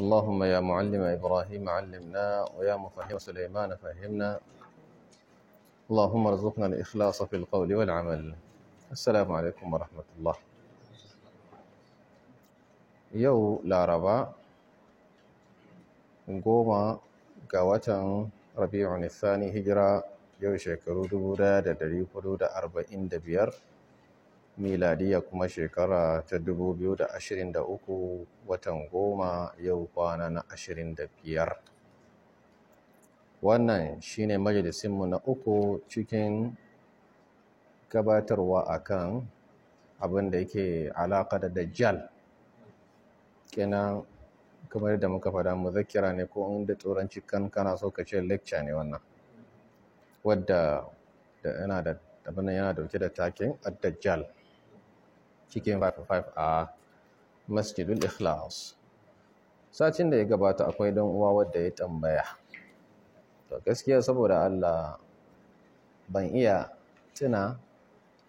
اللهم يا معلم إبراهيم علمنا ويا مفهم سليمان فهمنا اللهم ارزقنا الإخلاص في القول والعمل السلام عليكم ورحمة الله يو لاربا هجرة ga watan rabi'un دا hijira دا shekaru دبير miladiya kuma shekara ta da uku, watan goma yau kwana na ashirin da biyar. wannan shine majalisinmu na uku cikin gabatarwa akan abin da yake alaƙa da dajjal kenan kamar da muka faɗa zakira ne ko inda turanci kan kana so ka ce lecture ne wannan wadda yana da dauke da takin ad-dajjal cikin 5-5 masjidul ikhlas sacin da ya gabata akwai dan uwa wadda ya tambaya to gaskiya saboda Allah ban iya tuna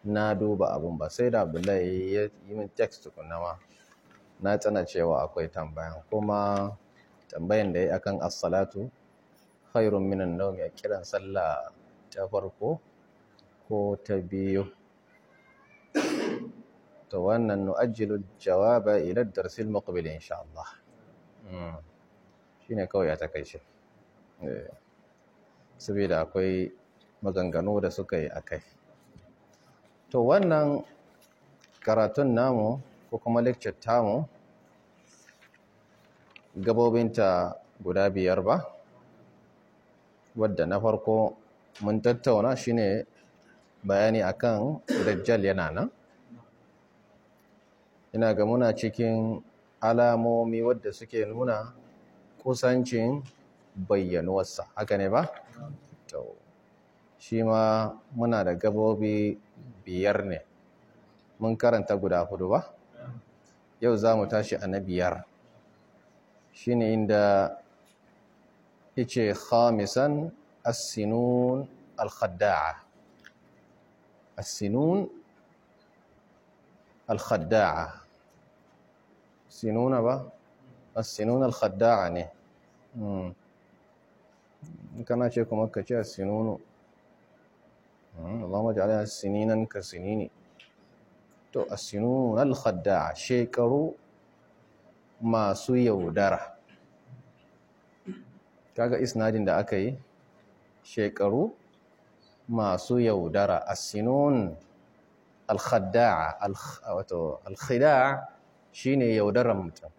na duba abun ba sai da Abdullahi ya yi min text tukunna ma na tsana cewa akwai tambayan kuma tambayan da ya akan as-salatu khairun minan nawmi a kiran sallah ta farko ko ta biyu To wannan nu'ajjilu jawaba ila darsi al-muqbil insha Allah hmm. shine kawai a takaice eh. saboda akwai maganganu da suka yi akai to wannan karatun namu ko kuma lecture tamu gabobinta guda biyar ba wadda na farko mun tattauna shine bayani akan dajjal yana nan ina ga muna cikin alamomi wadda suke nuna kusancin bayyanuwarsa haka ne ba? shi ma muna da gabobi biyar ne mun karanta guda hudu ba? yau za mu tashi a na biyar shi ne inda ice khamisan asinun alkhadda'a asinun alkhadda'a sinuna ba as-sinuna al-khadda'a ne kana ce kuma ka ce as-sinunu Allahumma ka sinini to as-sinun al-khadda'a shekaru masu yaudara kaga isnadin da aka yi shekaru masu yaudara as-sinun al-khadda'a al shine yaudaran mutum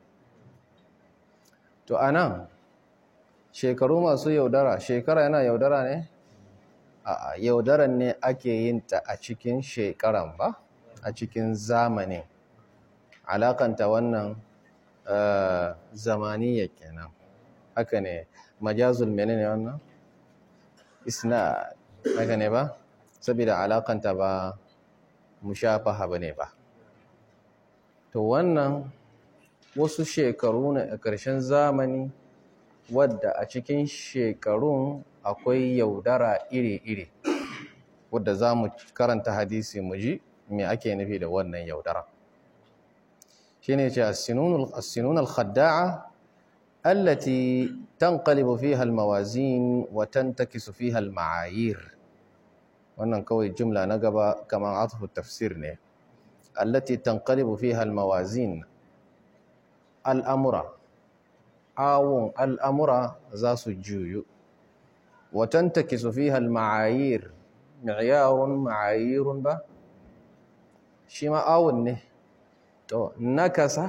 to anan shekaru masu yaudara shekara yana yaudara ne a yaudaran ne ake yin ta a cikin shekaran ba a cikin zamanin alakanta wannan eh, zamaniya kenan haka ne majazul ne wannan isna haka ne ba saboda alakanta ba mushafaha bane ba to wannan wasu shekaru ne a ƙarshen zamani wadda a cikin shekarun akwai yaudara iri-iri wadda za mu karanta hadisi mu ji me ake nufi da wannan yaudara shi ne ce asinun al-khadda'a allati tanqalibu fiha al wa tantakisu fiha al-ma'ayir wannan kawai jumla na gaba kamar atfu tafsir ne التي تنقلب فيها الموازين الأمر آو الأمر زاس الجوي وتنتكس فيها المعايير معيار معايير با شما آو نه تو نكس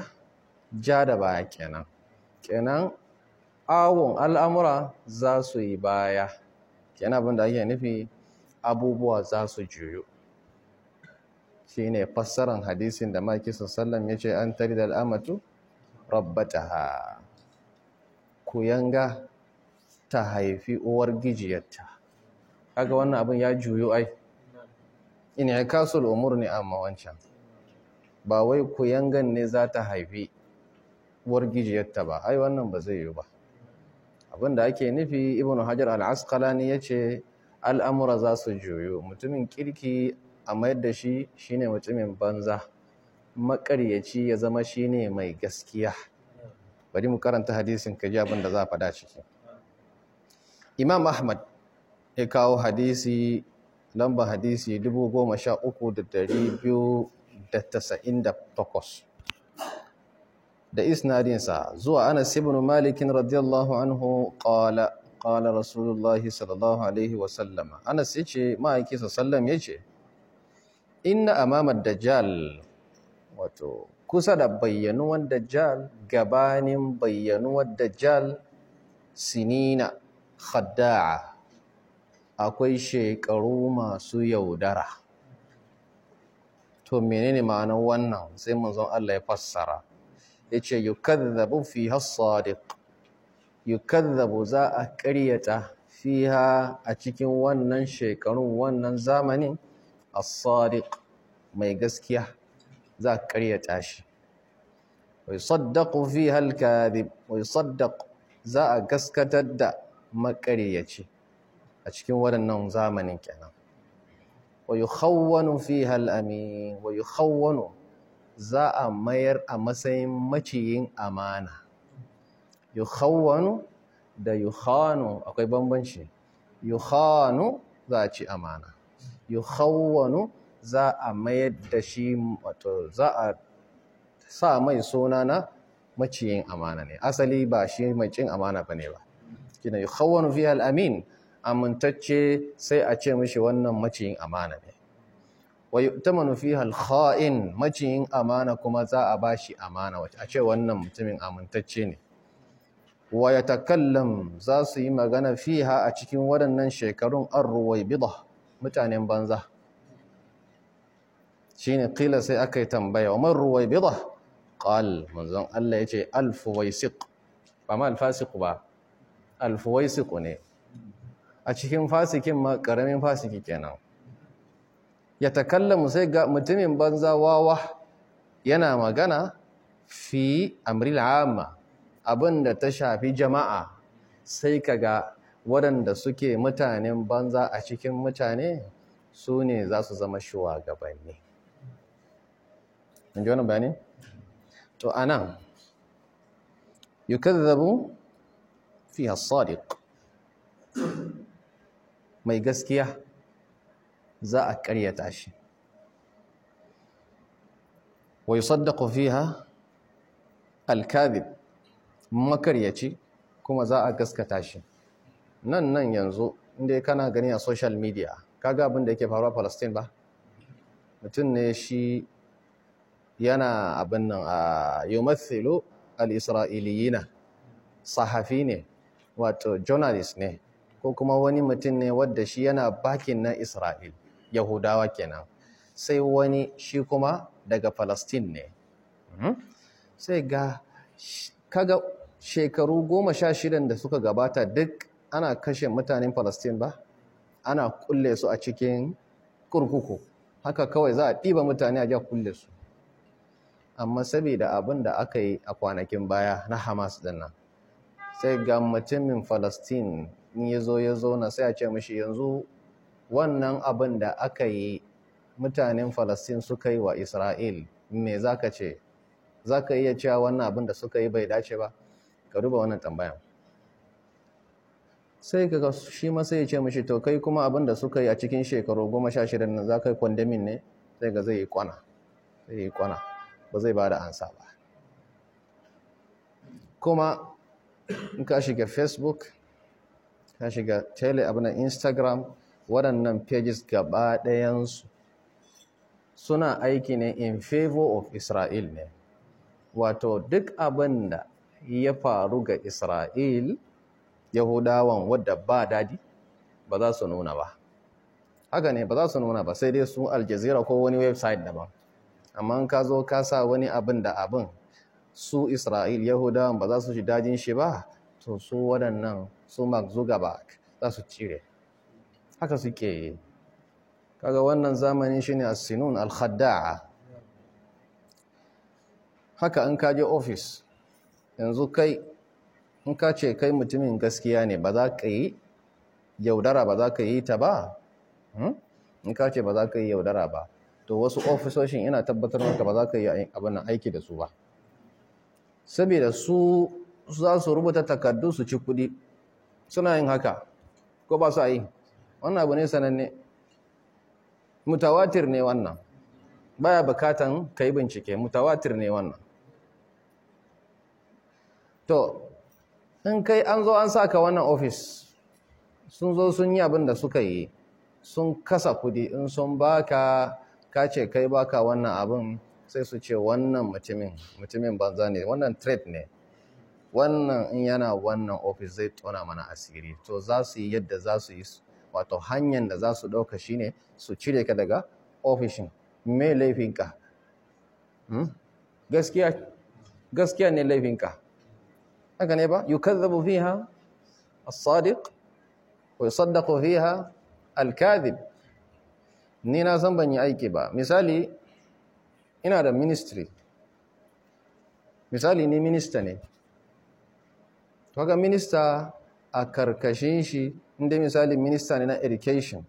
جاد با كنا كنا awon al'amura za su yi baya, kenan abin da ake nufi abubuwa za su juyo. Shi ne fassaran hadisin da maki sallam ya ce an tari da al'amatu ha ku yanga ta haifi uwar gijiyarta aga wannan abin ya juyo ai in ya kasu al’umur ne amma wancan ba wai ku yangan ne za ta haifi uwar gijiyarta ba ai wannan ba zai yi ba abin da ake nufi Ibn hajar al-asqalani ce al'amura za su juyo mutumin kirki a mayar da shi shine mutumin banza makaryaci ya zama shine mai gaskiya bari mu karanta hadisin ka ji abin da za a faɗa ciki imam ahmad ya kawo hadisi lamba hadisi 13298 da isnadinsa zuwa anas ibn malik radiyallahu anhu qala qala rasulullahi sallallahu alaihi wasallam anas yace ma'aikisa sallam ce. inna amamar dajjal wato kusa da bayyanuwar dajjal gabanin bayyanuwar dajjal sinina khadda'a akwai shekaru masu yaudara to menene ma'anar wannan sai manzon Allah ya fassara yace yukadzabu fiha sadiq yukazzabu za a ƙaryata fiha a cikin wannan shekarun wannan zamanin Asadiq mai gaskiya za ka karyata shi wai saddaqu fiha al-kadhib wai saddaq za a gaskatar da makaryaci a cikin waɗannan zamanin kenan wa yukhawwanu fiha al-amin wa za a mayar a matsayin maciyin amana yukhawwanu da yukhanu akwai bambanci yukhanu za a ci amana yukhawwanu za a mayar da shi wato za a sa mai suna na maciyin amana ne asali ba shi mai cin amana ba ne ba kina yukhawwanu fi al-amin amintacce sai a ce mishi wannan maciyin amana ne wa yu'tamanu fiha al-kha'in maciyin amana kuma za a bashi amana a ce wannan mutumin amintacce ne wa yatakallam za su yi magana fiha a cikin waɗannan shekarun ar-ruwaybida mutanen banza ne kila sai aka yi tambaya wa man bida. qal manzan Allah ba ma alfasiq ba alfuwaisiq ne a cikin fasikin ma karamin fasiki kenan ya takallamu sai ga mutumin banza wawa yana magana fi amri abin abinda ta shafi jama'a sai ka ga. waɗanda suke mutanen banza a cikin mutane su ne za su zama shugabanni inji wannan bayani to nan yukazzabu fiha fiye sadiq mai gaskiya za a ƙaryata shi wa yusaddaqu fiha al makaryaci kuma za a gaskata shi nan nan yanzu inda kana gani a social media kaga abin da yake faruwa Palestine ba mutum ne shi yana abin nan a yumathilu al-isra'iliyina sahafi ne wato journalist ne ko kuma wani mutum ne wadda shi yana bakin na Isra'il Yahudawa kenan sai wani shi kuma daga Palestine ne hmm? sai ga kaga shekaru goma sha shidan da suka gabata duk ana kashe mutanen Falastin ba ana kulle su a cikin kurkuku haka kawai za a ɗiba mutane a kulle su amma saboda abin da aka yi a kwanakin baya na Hamas din nan sai ga mutumin Palestine in ya zo ya zo na sai a ce mashi. yanzu wannan abin da aka yi mutanen Palestine suka yi wa Isra'il me ka ce Za ka iya cewa wannan abin da suka yi bai dace ba ka duba wannan tambayan sai ka shi ma sai ya ce mishi to kai kuma abinda suka yi a cikin shekaru goma sha shirin nan za ka yi kwandamin ne sai ga zai yi kwana ba zai ba da ansa ba kuma in ka shiga facebook ka shiga tele abin instagram waɗannan pages gaba ɗayansu suna aiki ne in favor of israel ne wato duk abin da ya faru ga israel yahudawan wadda ba dadi ba za su nuna ba haka ne ba za su nuna ba sai dai su aljazira ko wani website daban amma ka zo ka sa wani abin da abin su isra'il yahudawan ba za su shi dajin shi ba to su waɗannan su mark zuckerberg za su cire haka suke yi kaga wannan zamanin shine a sinun al-khadda'a haka an kaje office yanzu kai in ka ce kai mutumin gaskiya ne ba za ka yi yaudara ba za ka yi ta ba hmm? in ka ce ba za ka yi yaudara ba to wasu ofisoshin ina tabbatar maka ba za ka yi abin aiki da su ba saboda su za su rubuta takardu su ci kuɗi suna yin haka ko ba su yi wannan abu ne sananne mutawatir ne wannan baya bukatan ka yi bincike mutawatir ne wannan to in kai an zo an saka wannan ofis sun zo sun yi abin da suka yi sun kasa kudi in sun baka ka ce kai baka wannan abin sai su ce wannan mutumin mutumin banza ne wannan trade ne wannan in yana wannan ofis zai tona mana asiri to za su yi yadda za su yi wato hanyar da za su ɗauka shi ne su cire ka daga ofishin mai laifinka hmm? gaskiya ne laifinka haka ne ba yukazzabu fiha as-sadiq wa yusaddaqu fiha al-kadhib ni na san ban yi aiki ba misali ina da ministry misali ni minista ne kaga minista a karkashin shi inda misali minista ne na education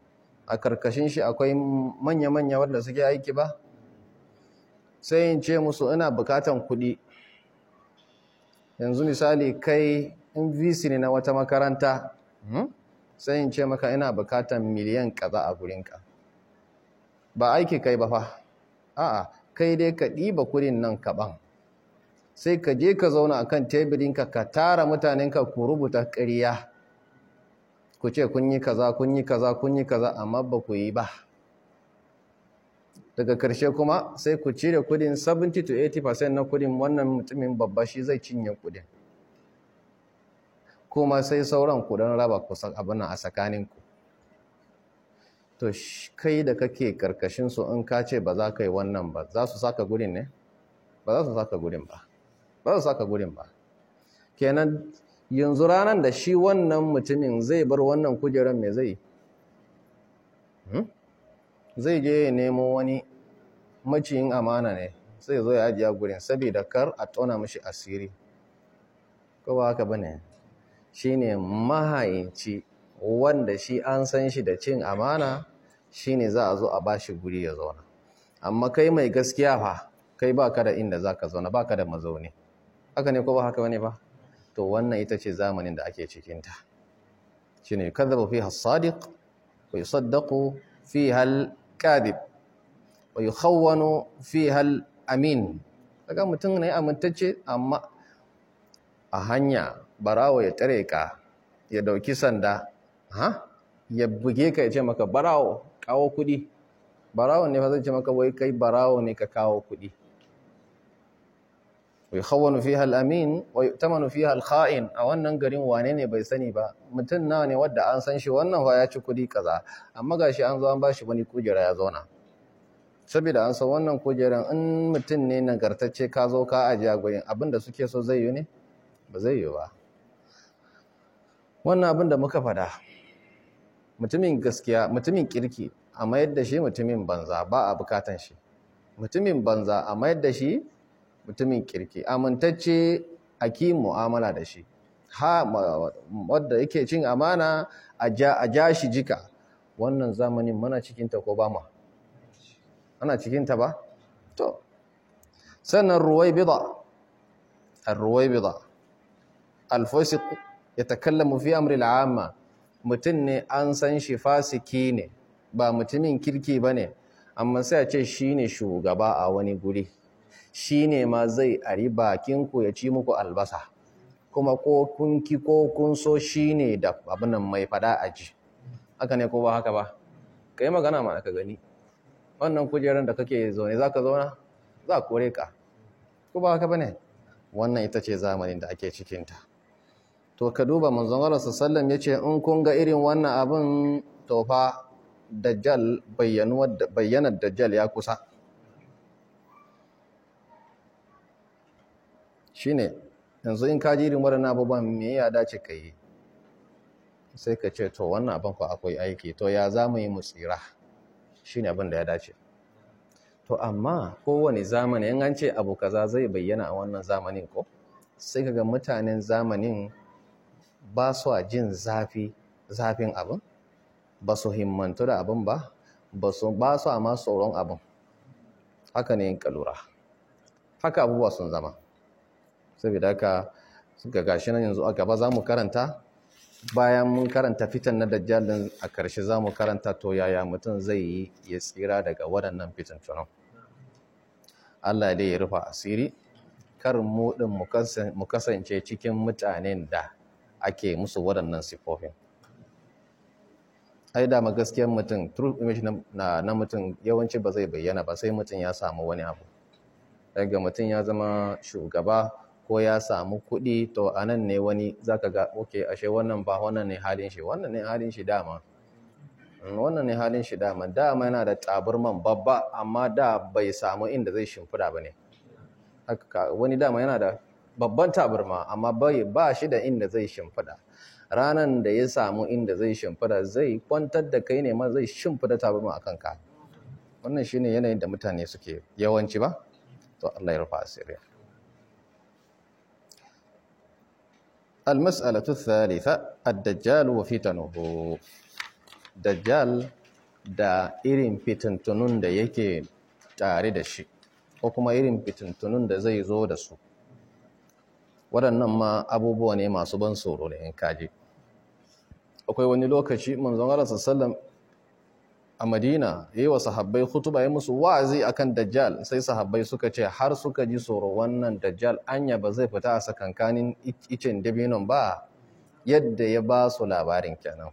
a karkashin shi akwai manya-manya wanda suke aiki ba sai in ce musu ina bukatan kudi yanzu misali kai in ne na wata makaranta hmm? sai in ce maka ina bukatan miliyan kaza a gurinka ba aiki kai ba fa a'a kai dai ka ɗiba kuɗin nan kaɓan sai ka je ka zauna akan teburinka ka tara mutanenka ku rubuta ƙariya ku ce kun yi kaza kun yi kaza kun yi kaza amma ba ku yi ba daga karshe kuma sai ku cire kudin 70 to 80% na kudin wannan mutumin babba shi zai cinye kudin kuma sai sauran kudin raba kusan abin a tsakaninku to kai da kake karkashin su in ka ce ba za ka yi wannan ba za su saka gurin ne ba za su saka gurin ba ba za su saka gurin ba kenan yanzu ranar da shi wannan mutumin zai bar wannan kujerar mai zai yi hmm? zai je ya nemo wani maciyin amana ne sai zo ya ajiya gurin saboda kar a tona mashi asiri ko ba haka bane shine mahayinci wanda shi an san shi da cin amana shine za a zo a bashi guri ya zauna amma kai mai gaskiya fa kai ba ka da inda ka zauna Ba ka da mazauni haka ne ko ba haka bane ba to wannan ita ce zamanin da ake cikin ta shine kadhabu fiha as-sadiq wa yusaddaqu fiha Kadib. wa yukhawwanu fiha al-amin daga mutum ne amintacce amma a hanya barawo ya tare ka ya dauki sanda ha ya buge ka ya ce maka barawo kawo kudi barawo ne fa zai ce maka wai kai barawo ne ka kawo kudi yukhawwanu fiha al-amin wa yu'tamanu fiha al-kha'in a wannan garin wane ne bai sani ba mutum nawa ne wanda an san shi wannan fa ya ci kudi kaza amma gashi an zo an bashi wani kujera ya zauna saboda an san wannan kujeran in mutun ne nagartacce ka zo ka ajiya gurin abinda suke so zai yi ne ba zai yi ba wannan abin da muka fada mutumin gaskiya mutumin kirki amma yadda shi mutumin banza ba a bukatan shi mutumin banza amma yadda shi mutumin kirki amintacce a ki mu'amala da shi ha wadda yake cin amana a ja shi jika wannan zamanin mana cikinta ko ba ma ana cikinta ba to sannan ruwai bida ruwai bida alfosik ya mu fi amri la'amma. mutum ne an san shi fasiki ne ba mutumin kirki ba ne amma sai a ce shi ne shugaba a wani guri shi ne ma zai ari bakinku ya ci muku albasa kuma ko kun kun so shi ne da abinan mai fada a ji haka ne ko ba haka ba ka yi magana ma ka gani wannan kujerar da kake zaune za ka zauna za kore ka ko ba haka ba ne wannan ita ce zamanin da ake cikinta to ka duba manzon Allah sallallahu ya ce in kun ga irin wannan abin tofa dajjal da dajjal ya kusa shine yanzu in ka ji irin waɗannan abubuwan me ya dace ka yi sai ka ce to wannan abin ku akwai aiki to ya za mu yi mu tsira shine abin da ya dace to amma kowane zamani in an ce abu kaza zai bayyana a wannan zamanin ko sai kaga mutanen zamanin ba su jin zafi zafin abin ba su himmantu da abin ba ba su ba su tsoron abin haka ne in kalura haka abubuwa sun zama saboda haka ga gashi nan yanzu a gaba za mu karanta bayan mun karanta fitan na dajjal din a ƙarshe za mu karanta to yaya mutum zai yi ya tsira daga waɗannan fitintunan Allah dai ya rufa asiri kar mu din mu kasance cikin mutanen da ake musu waɗannan sifofin ai da magaskiyar mutum true image na, na mutum yawanci ba zai bayyana ba sai mutum ya samu wani abu daga mutum ya zama shugaba ko ya samu kuɗi to a nan ne wani za ka ga ok ashe wannan ba wannan ne halin shi wannan ne halin shi dama mm, wannan ne halin shi dama dama yana da taburman babba amma da bai samu inda zai shimfida ba ne wani dama yana da babban taburma amma bai ba shi da inda zai shimfida ranan da ya samu inda zai shimfida zai kwantar da kai ne ma zai shimfida taburma a kanka wannan shine yanayin da mutane suke yawanci ba to Allah ya rufa asiri المسألة الثالثة الدجال وفتنه دجال da irin fitintunun da yake tare da shi ko kuma irin fitintunun da zai zo da su waɗannan ma abubuwa ne masu ban tsoro na in kaji akwai wani lokaci manzon Allah sallallahu a madina ya yi wa sahabbai hutuba ya musu wa'azi kan dajjal sai sahabbai suka ce har suka ji tsoro wannan dajjal anya ba zai fita a sakankanin icen dabinon ba yadda ya ba su labarin kenan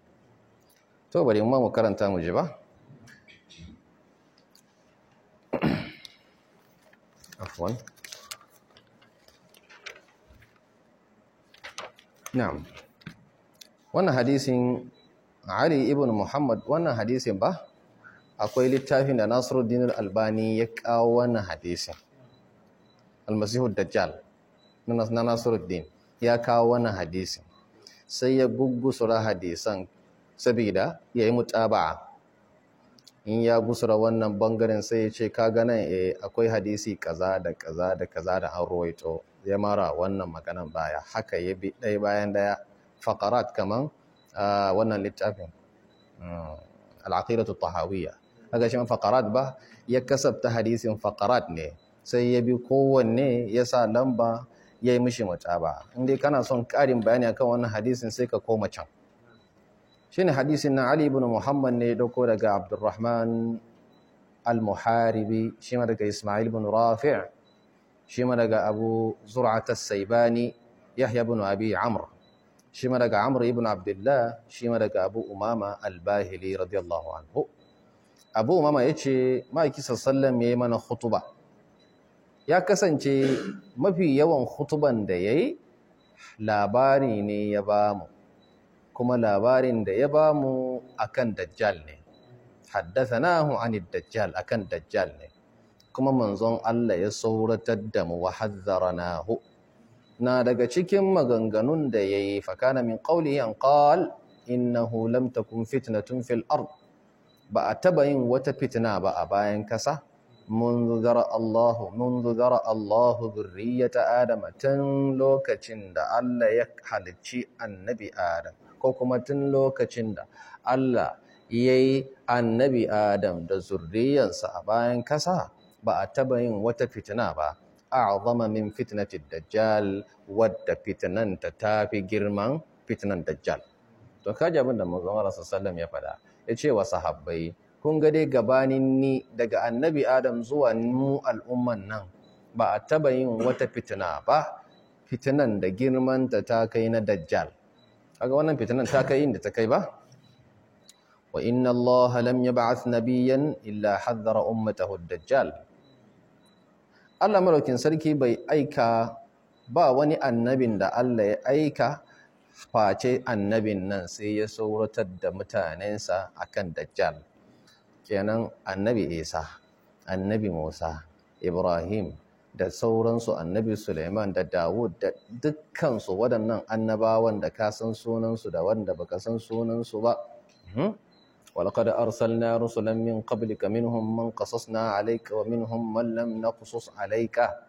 to bari ma mu karanta mu ji ba afwan na'am wannan hadisin Ali ibn Muhammad wannan hadisin ba akwai littafin da Nasiruddin Albani ya kawo wani hadisin Almasihu Dajjal na Nasiruddin ya kawo wani hadisin sai ya guggusura hadisan saboda yayi mutaba'a in ya gusura wannan bangaren sai ya ce kaga nan eh akwai hadisi kaza da kaza da kaza da an ruwaito ya mara wannan maganan baya haka ya bi ɗaya bayan ɗaya faqarat kaman ah, wannan littafin mm, al-aqidatu tahawiyya aka shi faqarat ba ya kasabta hadisin faqarat ne sai ya bi kowanne ya sa lamba ya yi mishi mutaba in dai kana son karin bayani akan wannan hadisin sai ka koma can ne hadisin na Ali ibn Muhammad ne dauko daga Abdurrahman al-Muharibi shi ma daga Ismail ibn Rafi' shi ma daga Abu Zur'at as-Saibani Yahya ibn Abi Amr shi ma daga Amr ibn Abdullah shi ma daga Abu Umama al-Bahili radiyallahu anhu abu mama ya ce ma'aiki sassallam ya yi mana hutuba ya kasance mafi yawan hutuban da ya yi labari ne ya ba mu kuma labarin da ya ba mu a kan dajjal ne haddasa nahu anid dajjal a kan dajjal ne kuma manzon Allah ya sauratar da mu wa nahu na daga cikin maganganun da ya yi fakana min ƙauli an qal innahu lam kun fitna fil ard ba a taba yin wata fitina ba a bayan kasa منذ ذرى الله منذ ذرى الله ذرية آدم تن لوكتين دا الله يحلتشي النبي آدم كوكما تن لوكتين دا الله يي النبي آدم دا ذرية سأبان كسا بأتبين وتفتنا با أعظم من فتنة الدجال ود فتنة تتافي جرمان فتنة الدجال تو كاجا بند مزمار صلى الله عليه وسلم يفدا ya ce wa sahabbai kun ga dai gabanin ni daga annabi adam zuwa mu al'umman nan ba a taba yin wata fitina ba fitinan da girmanta ta kai na dajjal kaga wannan fitinan ta kai inda ta kai ba wa inna allaha lam yab'ath nabiyyan illa hadhara ummatahu dajjal Allah maraukin sarki bai aika ba wani annabin da Allah ya aika face annabin nan sai ya sauratar da mutanensa a kan dajjal kenan annabi isa annabi musa ibrahim da sauransu annabi suleiman da dawud da dukkansu waɗannan annabawan da ka san sunansu da wanda baka san sunansu ba ولقد hmm? أرسلنا min من قبلك na alaika قصصنا min ومنهم من na نقصص alaika?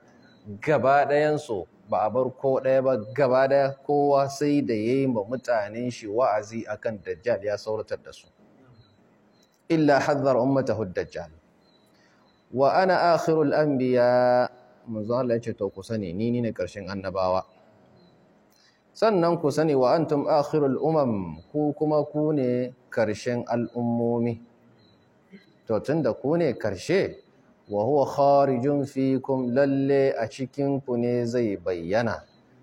gaba ɗayansu ba a bar ko ɗaya ba gaba ɗaya kowa sai da ya yi ma mutanen shi wa'azi akan dajjal ya sauratar da su illa hazzar ummatahu dajjal wa ana akhirul anbiya manzo Allah ce to ku sani ni ne ƙarshen annabawa sannan ku sani wa antum akhirul umam ku kuma ku ne karshen al'ummomi to da ku ne karshe wa huwa kharijun fikum lalle a cikin ku ne zai bayyana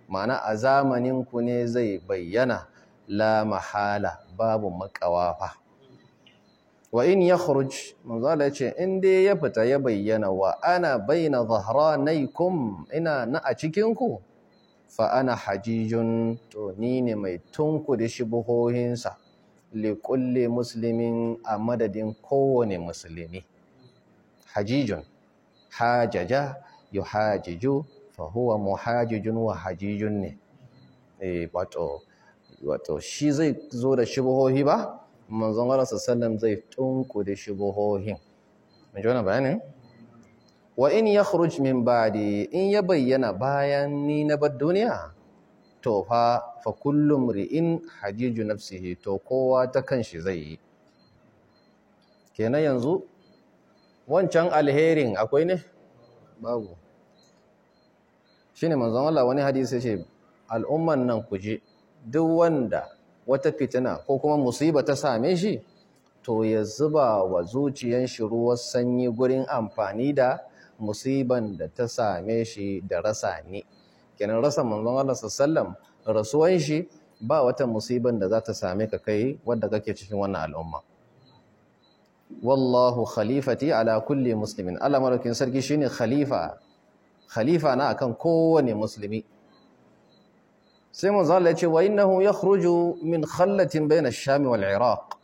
ma'ana a zamanin ku ne zai bayyana la mahala babu makawafa wa in yakhruj manzala ce, in dai ya fita ya bayyana wa ana baina dhahranaikum ina na a cikin ku fa ana hajijun to ni ne mai tunku da shubuhohinsa li kulli muslimin a madadin kowane musulmi hajijun hajaja yuhajiju fa huwa wa hajijun ne wato shi zai zo da shubuhohi ba manzon Allah sallallahu zai tunku da shubuhohin mun ji bayanin wa in yakhruj min ba'di in ya bayyana bayan ni na bar duniya to fa fa kullum ri'in hajiju nafsihi to kowa ta kanshi zai yi kenan yanzu wancan alherin akwai ne babu shine manzan Allah wani hadisi ce al'umman nan ku kuje duk wanda wata fitina ko kuma musiba ta same shi to ya zuba wa zuciyan shi ruwan sanyi gurin amfani da musiban da ta same shi da rasa ni kenan rasa manzan Allah sallam rasuwan shi ba wata musiban da za ta same ka kai wadda kake cikin wannan al'umman. wallahu khalifati ala kulli muslimin Allah madaukin sarki shine khalifa khalifa na akan kowane musulmi sai manzo Allah ya ce wa innahu yakhruju min khallatin bayna ash-sham wal iraq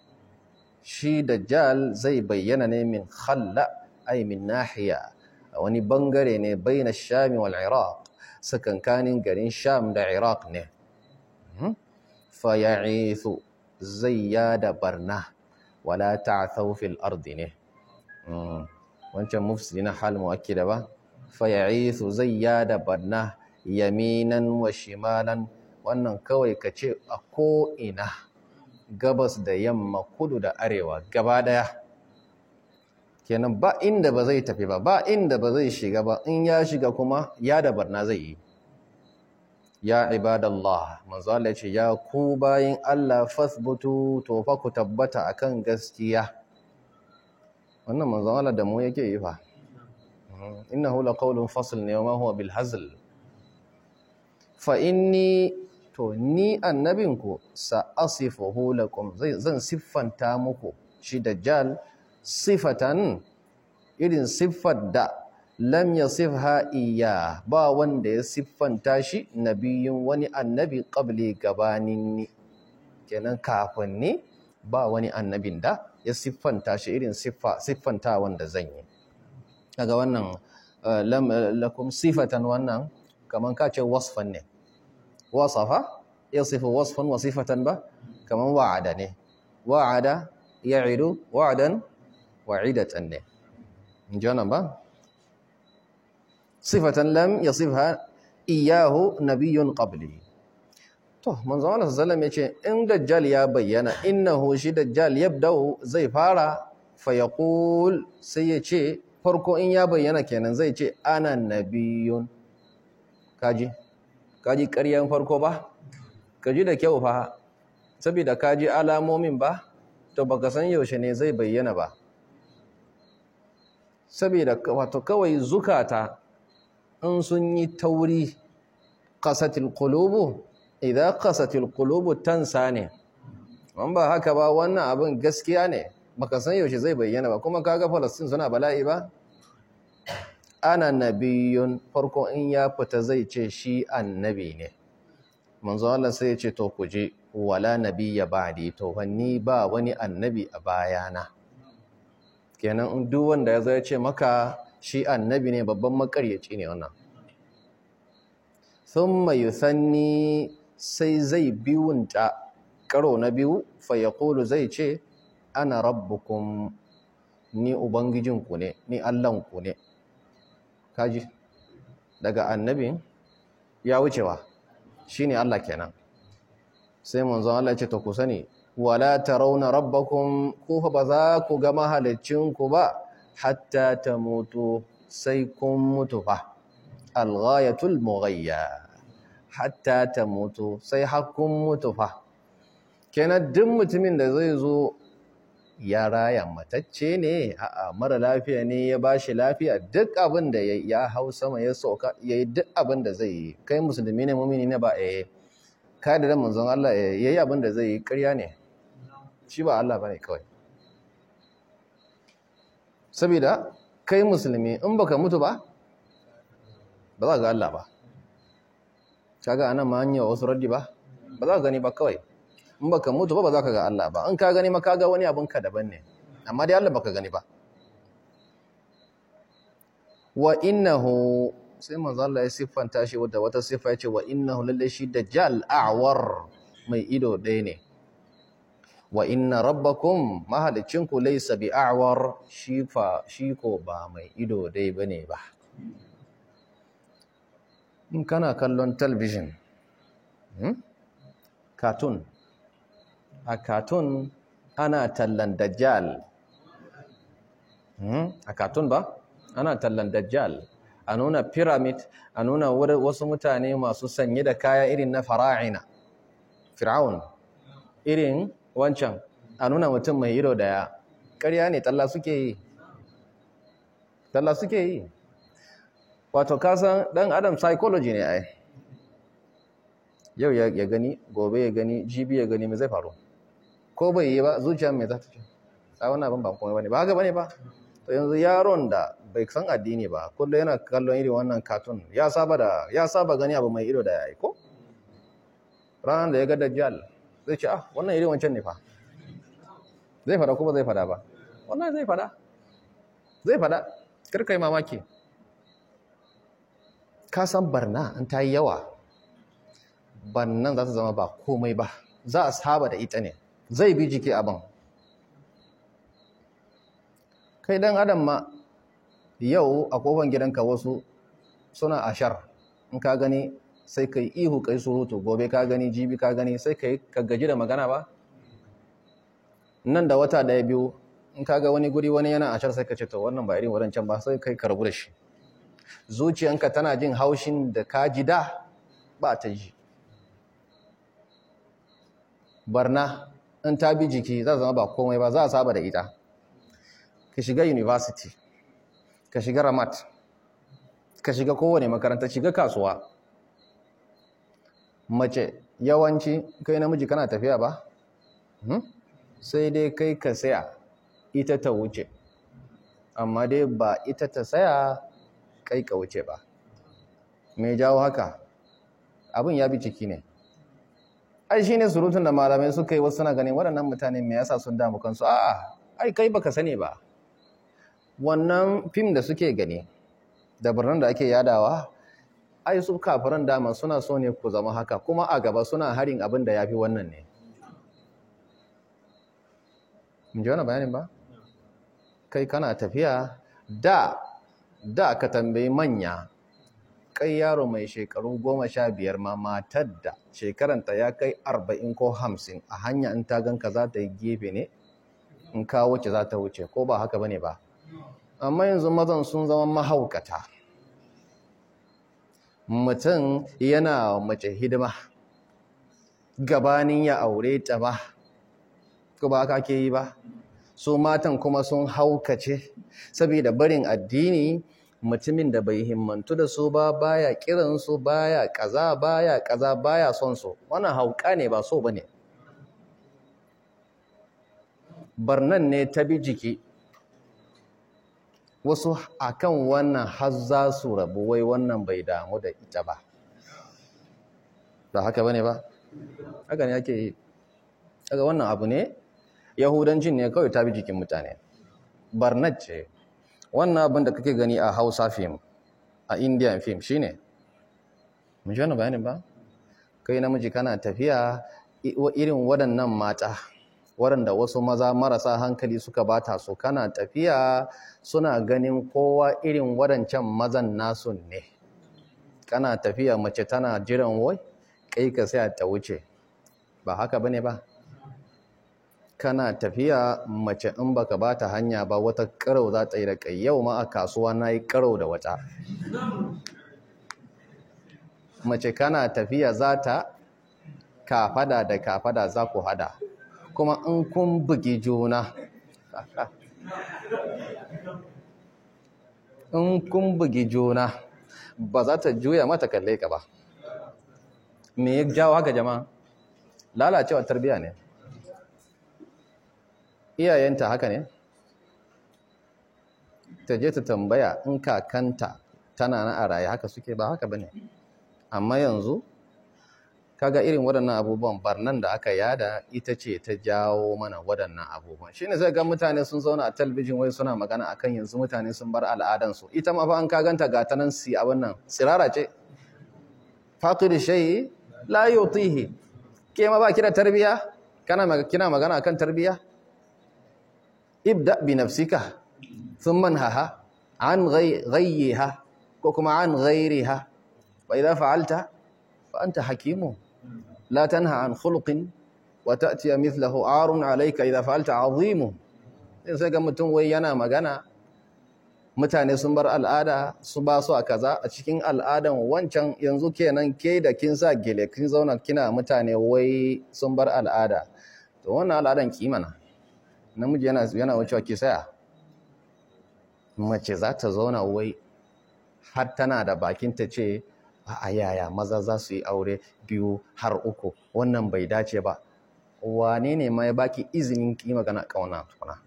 shi dajjal zai bayyana ne min khalla ay min nahiya wani bangare ne bayna ash-sham wal iraq sakankanin garin sham da iraq ne hmm? fa ya'ithu zai yada barna wala ta'thaw fil ardi ne mm. wancan mufsidi na hal muakkida ba fa zai zayyada banna yaminan wa shimalan wannan kawai ka ce a ko'ina. gabas da yamma kudu da arewa gaba ɗaya. kenan ba inda ba zai tafi ba ba inda ba zai shiga ba in ya shiga kuma yada da barna zai yi ya ibadallah manzo Allah ce ya ku bayin Allah fasbutu to fa ku tabbata akan gaskiya wannan manzo Allah da mu yake yi fa innahu laqawlun fasl ne ma huwa bil hazl fa inni to ni annabinku sa asifuhu lakum zan siffanta muku shi dajjal sifatan irin siffar da lam ya yasifha iya ba wanda ya siffanta shi nabiyin wani annabi qabli gabanin ni kenan kafin ni ba wani annabin da ya siffanta shi irin siffanta wanda zan yi daga wannan eh, eh, lakum sifatan wannan kamar kace wasfan ne wasafa ya sifa wasfan wa sifatan ba kamar wa'ada ne wa'ada ya'idu wa'adan wa'idatan ne in ji wannan ba sifatan lam yasifha iyahu nabiyun qabli to manzo Allah sallallahu alaihi wasallam yace in dajjal ya bayyana innahu shi dajjal yabda'u zai fara fa yaqul sai yace farko in ya bayyana kenan zai ce ana nabiyun kaji kaji ƙaryan farko ba kaji da kyau fa saboda kaji alamomin ba to baka san yaushe ne zai bayyana ba saboda wato kawai zukata in sun yi tauri qasatil qulubu Idan qasatil qulubu tansa ne wani ba haka ba wannan abin gaskiya ne baka san yaushe zai bayyana ba kuma kaga falastin suna bala'i ba ana nabiyun farko in ya fita zai ce shi annabi ne manzo Allah sai ya ce to kuje je wala nabiyya ba'di to wani ba wani annabi a bayana kenan duk wanda ya zo ya ce maka shi annabi ne babban makaryaci ne wannan mai yusanni sai zai biyunta karo na biyu fayakolu zai ce ana rabbukun ni ubangijinku ne ni allahnku ne kaji daga annabin ya wucewa shine Allah kenan sai manzon Allah ce ta kusa ne. wala rauna rabbakum kufa ba za ku ga mahalicinku ba hatta ta mutu sai kun mutu fa alghayatul mughayya hatta ta mutu sai hakkun mutu fa kenan duk mutumin da zai zo ya raya matacce ne a'a mara lafiya ne ya bashi lafiya duk abin da ya hau sama ya sauka ya yi duk abin da zai yi kai musulmi ne mumini ne ba eh kai da manzon Allah eh, yayi abin da zai yi ƙarya ne shi ba Allah bane kawai saboda kai musulmi in baka mutu ba ba za ga Allah ba Ka ga anan ma hanya wasu raddi ba ba za ka gani ba kawai in baka mutu ba ba za ka ga Allah ba in ka gani ma ka ga wani abin ka daban ne amma dai Allah baka gani ba wa innahu sai manzo Allah ya siffanta shi wata wata siffa ce wa innahu lalle shi dajjal a'war mai ido ɗaya ne wa inna rabbakum mahalicinku laisa bi a'war shi fa ko ba mai ido dai ne ba in kana kallon talbijin katun hmm, a katun ana tallan dajjal hmm, a katun ba ana tallan dajjal a nuna pyramid a nuna wasu mutane masu sanye da kaya irin na fara'ina fir'aun irin wancan a nuna mutum mai ido daya ƙarya ne talla suke yi talla suke yi wato kasan dan adam psychology ne ai yau ya gani gobe ya gani jibi ya gani me zai faru ko bai yi ba zuciya me zata? ce a abin ba komai bane ba haka ne ba to yanzu yaron da bai san addini ba kullum yana kallon irin wannan katon. ya saba da ya saba gani abu mai ido da yayi ko ranar da ya ga dajjal zai ce ah wannan irin wancan ne fa zai fada kuma zai fada ba wannan zai fada zai fada karka yi mamaki ka san barna an ta yi yawa bannan za su zama ba komai ba za a saba da ita ne zai bi jiki abin kai dan adam ma yau a kofan gidanka wasu suna ashar in ka gani sai ka yi ihu ka yi surutu gobe ka gani jibi ka gani sai ka yi ka gaji da magana ba nan da wata daya biyu in ka ga wani guri wani yana ashar sai ka ce to wannan ba irin wadancan ba sai kai ka rabu da shi zuciyanka tana jin haushin da ka ji da ba ta ji barna in ta bi jiki za zama ba komai ba za a saba da ita ka shiga university ka shiga ramat ka shiga kowane makaranta shiga kasuwa mace yawanci kai namiji kana tafiya ba hmm? sai dai kai ka saya ita ta wuce amma dai ba ita ta saya kai ka wuce ba mai jawo haka abin ya bi ciki ne ai shi ne surutun da malamai suka yi wasu suna ganin waɗannan mutane me yasa sun damu kansu a'a ai kai baka sani ba wannan fim da suke gani da birnin da ake yadawa ai su kafiran dama suna so ne ku zama haka kuma a gaba suna harin abin da ya fi wannan ne mun ji wani bayanin ba kai kana tafiya da da ka tambayi manya kai yaro mai shekaru goma sha biyar ma matar da shekaranta ya kai arba'in ko hamsin a hanya in ta ganka za ta yi gefe ne in ka wuce za ta wuce ko ba haka ba ne ba amma yanzu mazan sun zama mahaukata mutum yana mace hidima gabanin ya aure ta ba ko ba ka ke yi ba su matan kuma sun haukace saboda barin addini mutumin da bai himmantu da su ba baya kiran su baya kaza baya kaza baya son su wannan hauka ne ba so bane barnan ne ta bi jiki wasu akan wannan har za su rabu wai wannan bai damu da ita ba ba haka bane ba haka ne ake yi daga wannan abu ne yahudancin ne kawai ta bi jikin mutane barnat ce wannan abin da kake gani a hausa fim a indian fim shi ne. mun ji wani bayanin ba kai namiji kana tafiya irin waɗannan mata waɗanda wasu maza marasa hankali suka bata su kana tafiya suna ganin kowa irin waɗancan mazan nasu ne kana tafiya mace tana jiran wai kai ka sai ta wuce ba haka bane ba kana tafiya mace in baka bata hanya ba wata karau za ta yi da kai yau ma a kasuwa na yi karau da wata mace kana tafiya za ta kafada da kafada za ku hada kuma in kun bugi juna in kun bugi juna ba za ta juya mata kalle ka ba me ya jawo haka jama'a lalacewa tarbiya ne iyayenta haka ne ta je ta tambaya in kakanta tana na a raye haka suke ba haka bane amma yanzu kaga irin waɗannan abubuwan barnan da aka yada ita ce ta jawo mana waɗannan abubuwan shine sai ga mutane sun zauna a talbijin wai suna magana akan yanzu mutane sun bar al'adan su ita ma fa an kaganta ga tanan nan si a wannan sirara ce faqir shay la yutihi ke ma ba kira tarbiya kana kina magana akan tarbiya ibda bi nafsika thumma haha an ghayyiha ko kuma an ghayriha wa idha fa'alta fa anta hakimun لا تنهى عن خلق وتأتي مثله عار عليك إذا فعلت عظيم sai ga mutum wai yana magana mutane sun bar al'ada su ba su a kaza a cikin al'adan wancan yanzu kenan ke da kin sa gele kin zauna kina mutane wai sun bar al'ada to wannan al'adan kimana namiji yana yana wucewa ki saya mace za ta zauna wai har tana da bakin ta ce a yaya maza za su yi aure biyu har uku wannan bai dace ba wane ne ma ya baki izinin ki magana kauna tukuna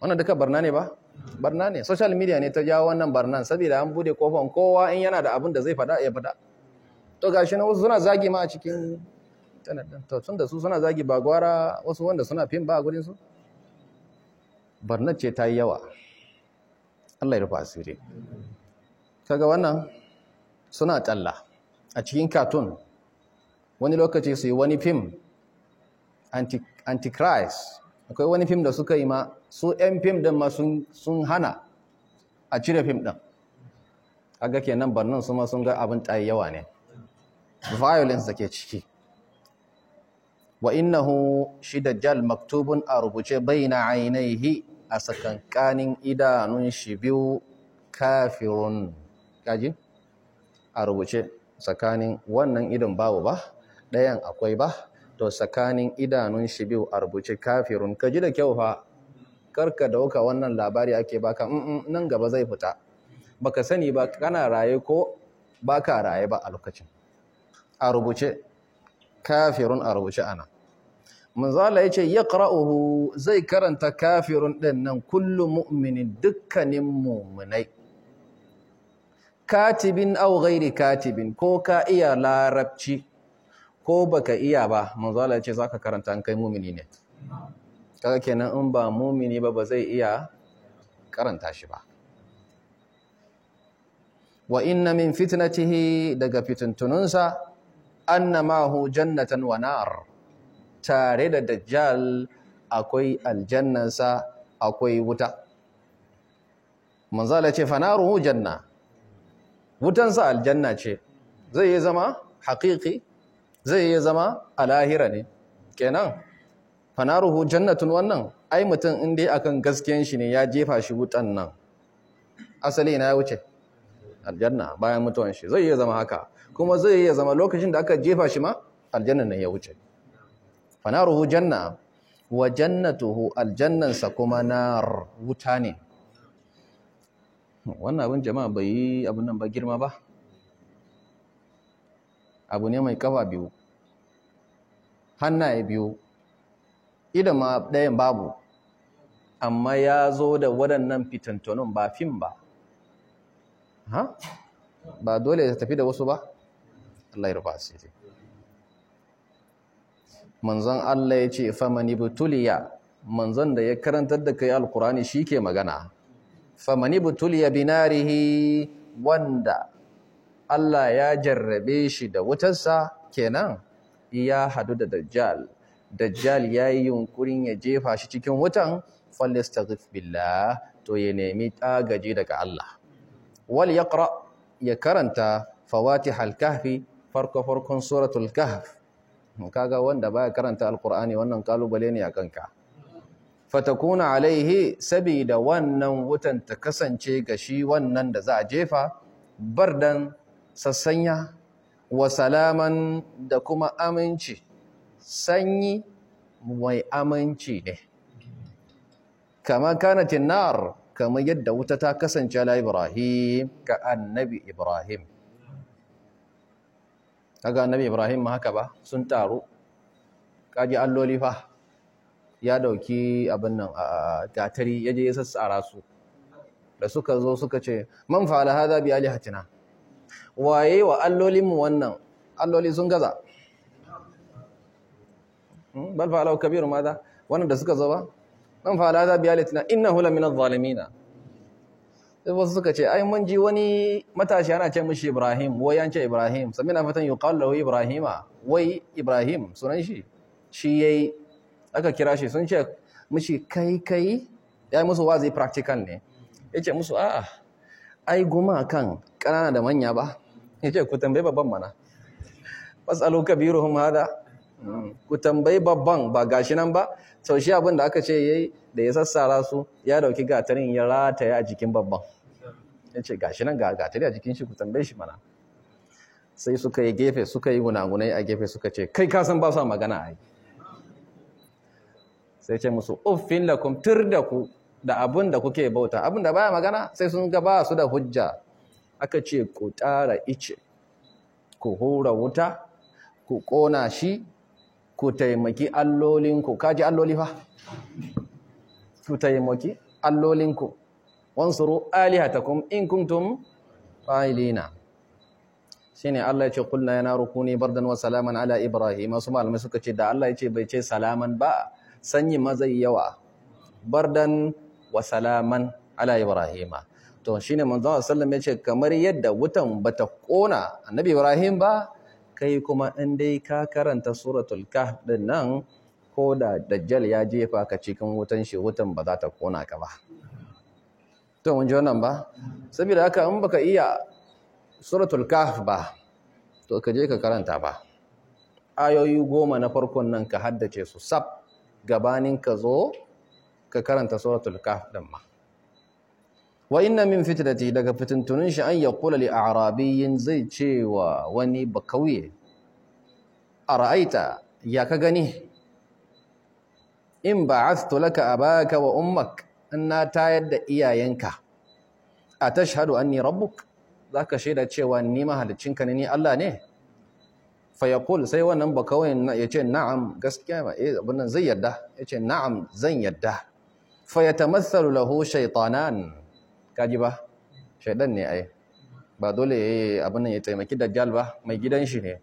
wannan duka barna ne ba barna ne social media ne ta jawo wannan barnan saboda an bude kofan kowa in yana da abin da zai fada ya fada to gashi na wasu suna zagi ma a cikin to tunda da su suna zagi ba gwara wasu wanda suna fin ba a gurin su barnar ce ta yi yawa Allah ya rufa asiri kaga wannan suna talla a cikin katon wani lokaci su yi wani fim antichrist akwai wani fim da suka yi ma su 'yan fim din ma sun hana a cire fim din aga kenan barnan su ma sun ga abin tayi yawa ne violence da ke ciki wa innahu shi jal maktubun a rubuce baina ainihi a sakankanin idanun shi biyu kafirun kaji a rubuce tsakanin wannan idan babu ba ɗayan akwai ba to tsakanin idanun shi biyu a rubuce kafirun ka ji da kyau fa karka dauka wannan labari ake baka nan gaba zai fita baka sani ba kana raye ko baka raye ba a lokacin a rubuce kafirun a rubuce ana manzala ya ce ya zai karanta kafirun ɗin nan kullum mu'mini dukkanin muminai katibin au ghairi katibin ko ka iya larabci ko baka iya ba manzo Allah ya ce zaka karanta an kai mumini ne kaga kenan in ba mumini ba ba zai iya karanta shi ba wa inna min fitnatihi daga fitintununsa annamahu jannatan wa nar tare da dajjal akwai aljannansa akwai wuta manzala ce fanaruhu janna wutansa aljanna ce zai yi zama haƙiƙi zai yi zama a lahira ne kenan fanaruhu jannatun wannan ai mutum in dai akan gaskiyan shi ne ya jefa shi wutan nan asali na ya wuce aljanna bayan mutuwan shi zai yi zama haka kuma zai yi zama lokacin da aka jefa shi ma aljanna ne ya wuce fanaruhu janna wa jannatuhu aljannansa kuma nar wuta ne wannan abin jama'a bai yi abin nan ba girma ba abu ne mai kafa biyu hannaye biyu idan ma ɗayan babu amma ya zo da waɗannan fitantonin ba fim ba ha ba dole ya tafi da wasu ba Allah ya rufa Allah ya ce famani butuliya manzon da ya karantar da kai alkurani shi ke magana famani butuliya binarihi wanda Allah ya jarrabe shi da wutarsa kenan ya hadu da dajjal dajjal ya yi yunkurin ya jefa shi cikin wutan falistaghif billah to ya nemi tagaji daga Allah wal yaqra ya karanta fawatihal kahfi farko farkon suratul kahf kaga wanda baya karanta alqur'ani wannan kalubale ne a kanka fatakuna alaihi sabida wannan wutan ta kasance ga shi wannan da za a jefa bardan sassanya wa salaman da kuma aminci sanyi mai aminci ne kama kanatin nar kama yadda wuta ta kasance ala ibrahim ka annabi ibrahim kaga annabi ibrahim ma haka ba sun taru kaji alloli fa ya dauki abin nan a gatari ya je ya sassara su da suka zo suka ce man fa'ala hadha bi alihatina waye wa allolinmu wannan alloli sun gaza hmm, bal fa'ala kabir da wannan da suka zo ba man fa'ala hadha bi alihatina innahu la min adh-dhalimin wasu suka ce ai mun ji wani matashi ana ce mishi Ibrahim wai yan ce Ibrahim samina fatan yuqalu Ibrahima wai Ibrahim sunan shi shi yayi aka kira shi sun ce mishi kai kai ya yi musu wazi practical ne ya ce musu a'a ai goma kan ƙanana da manya ba ya ce ku tambayi babban mana matsalo kabiruhum hada mm. ku tambayi babban ba gashi nan ba sau shi abin da aka ce yayi da ya sassara su ya dauki gatarin ya rataya a jikin babban ya ce gashi nan ga gatari a jikin shi ku tambayi shi mana sai suka yi gefe suka yi gunagunai a gefe suka ce kai kasan ba su magana yi sai ce musu uffin lakum tur da ku da abin kuke bauta abin da baya magana sai sun gaba su da hujja aka ce ku tara ice ku hura wuta ku kona shi ku taimaki allolinku kaji alloli fa ku taimaki allolinku wansuru alihatakum in kuntum fa'ilina shine Allah ya ce ya yana rukuni bardan wa salaman ala ibrahim Suma malamai suka ce da Allah ya ce bai ce salaman ba sanyi mazai yawa yawa bardan wa salaman ala ibrahima to shine manzon sallallahu ya ce kamar yadda wutan bata kona annabi ibrahim ba kai kuma in dai ka karanta suratul kahf din nan ko da dajjal ya jefa ka cikin wutan shi wutan ba za ta kona ka ba to mun ji wannan ba saboda haka in baka iya suratul kahf ba to ka je ka karanta ba ayoyi goma na farkon nan ka haddace su sab gabanin ka zo ka karanta suratul kahf din ma wa inna min fitnati daga fitintunin shi an yaqula li arabiyyin zai cewa wani bakauye ara'aita ya ka gani in ba'athtu laka abaka wa ummak inna tayar da iyayenka a tashhadu anni rabbuk zaka shaida cewa ni mahaliccinka ne ni Allah ne fayakul sai wannan ba kawai ya ce na'am gaskiya ba eh abin nan zai yadda ya ce na'am zan yadda fayatamathalu lahu shaytanan kaji ba shaydan ne ai ba dole abin nan ya taimaki dajjal ba mai gidan shi ne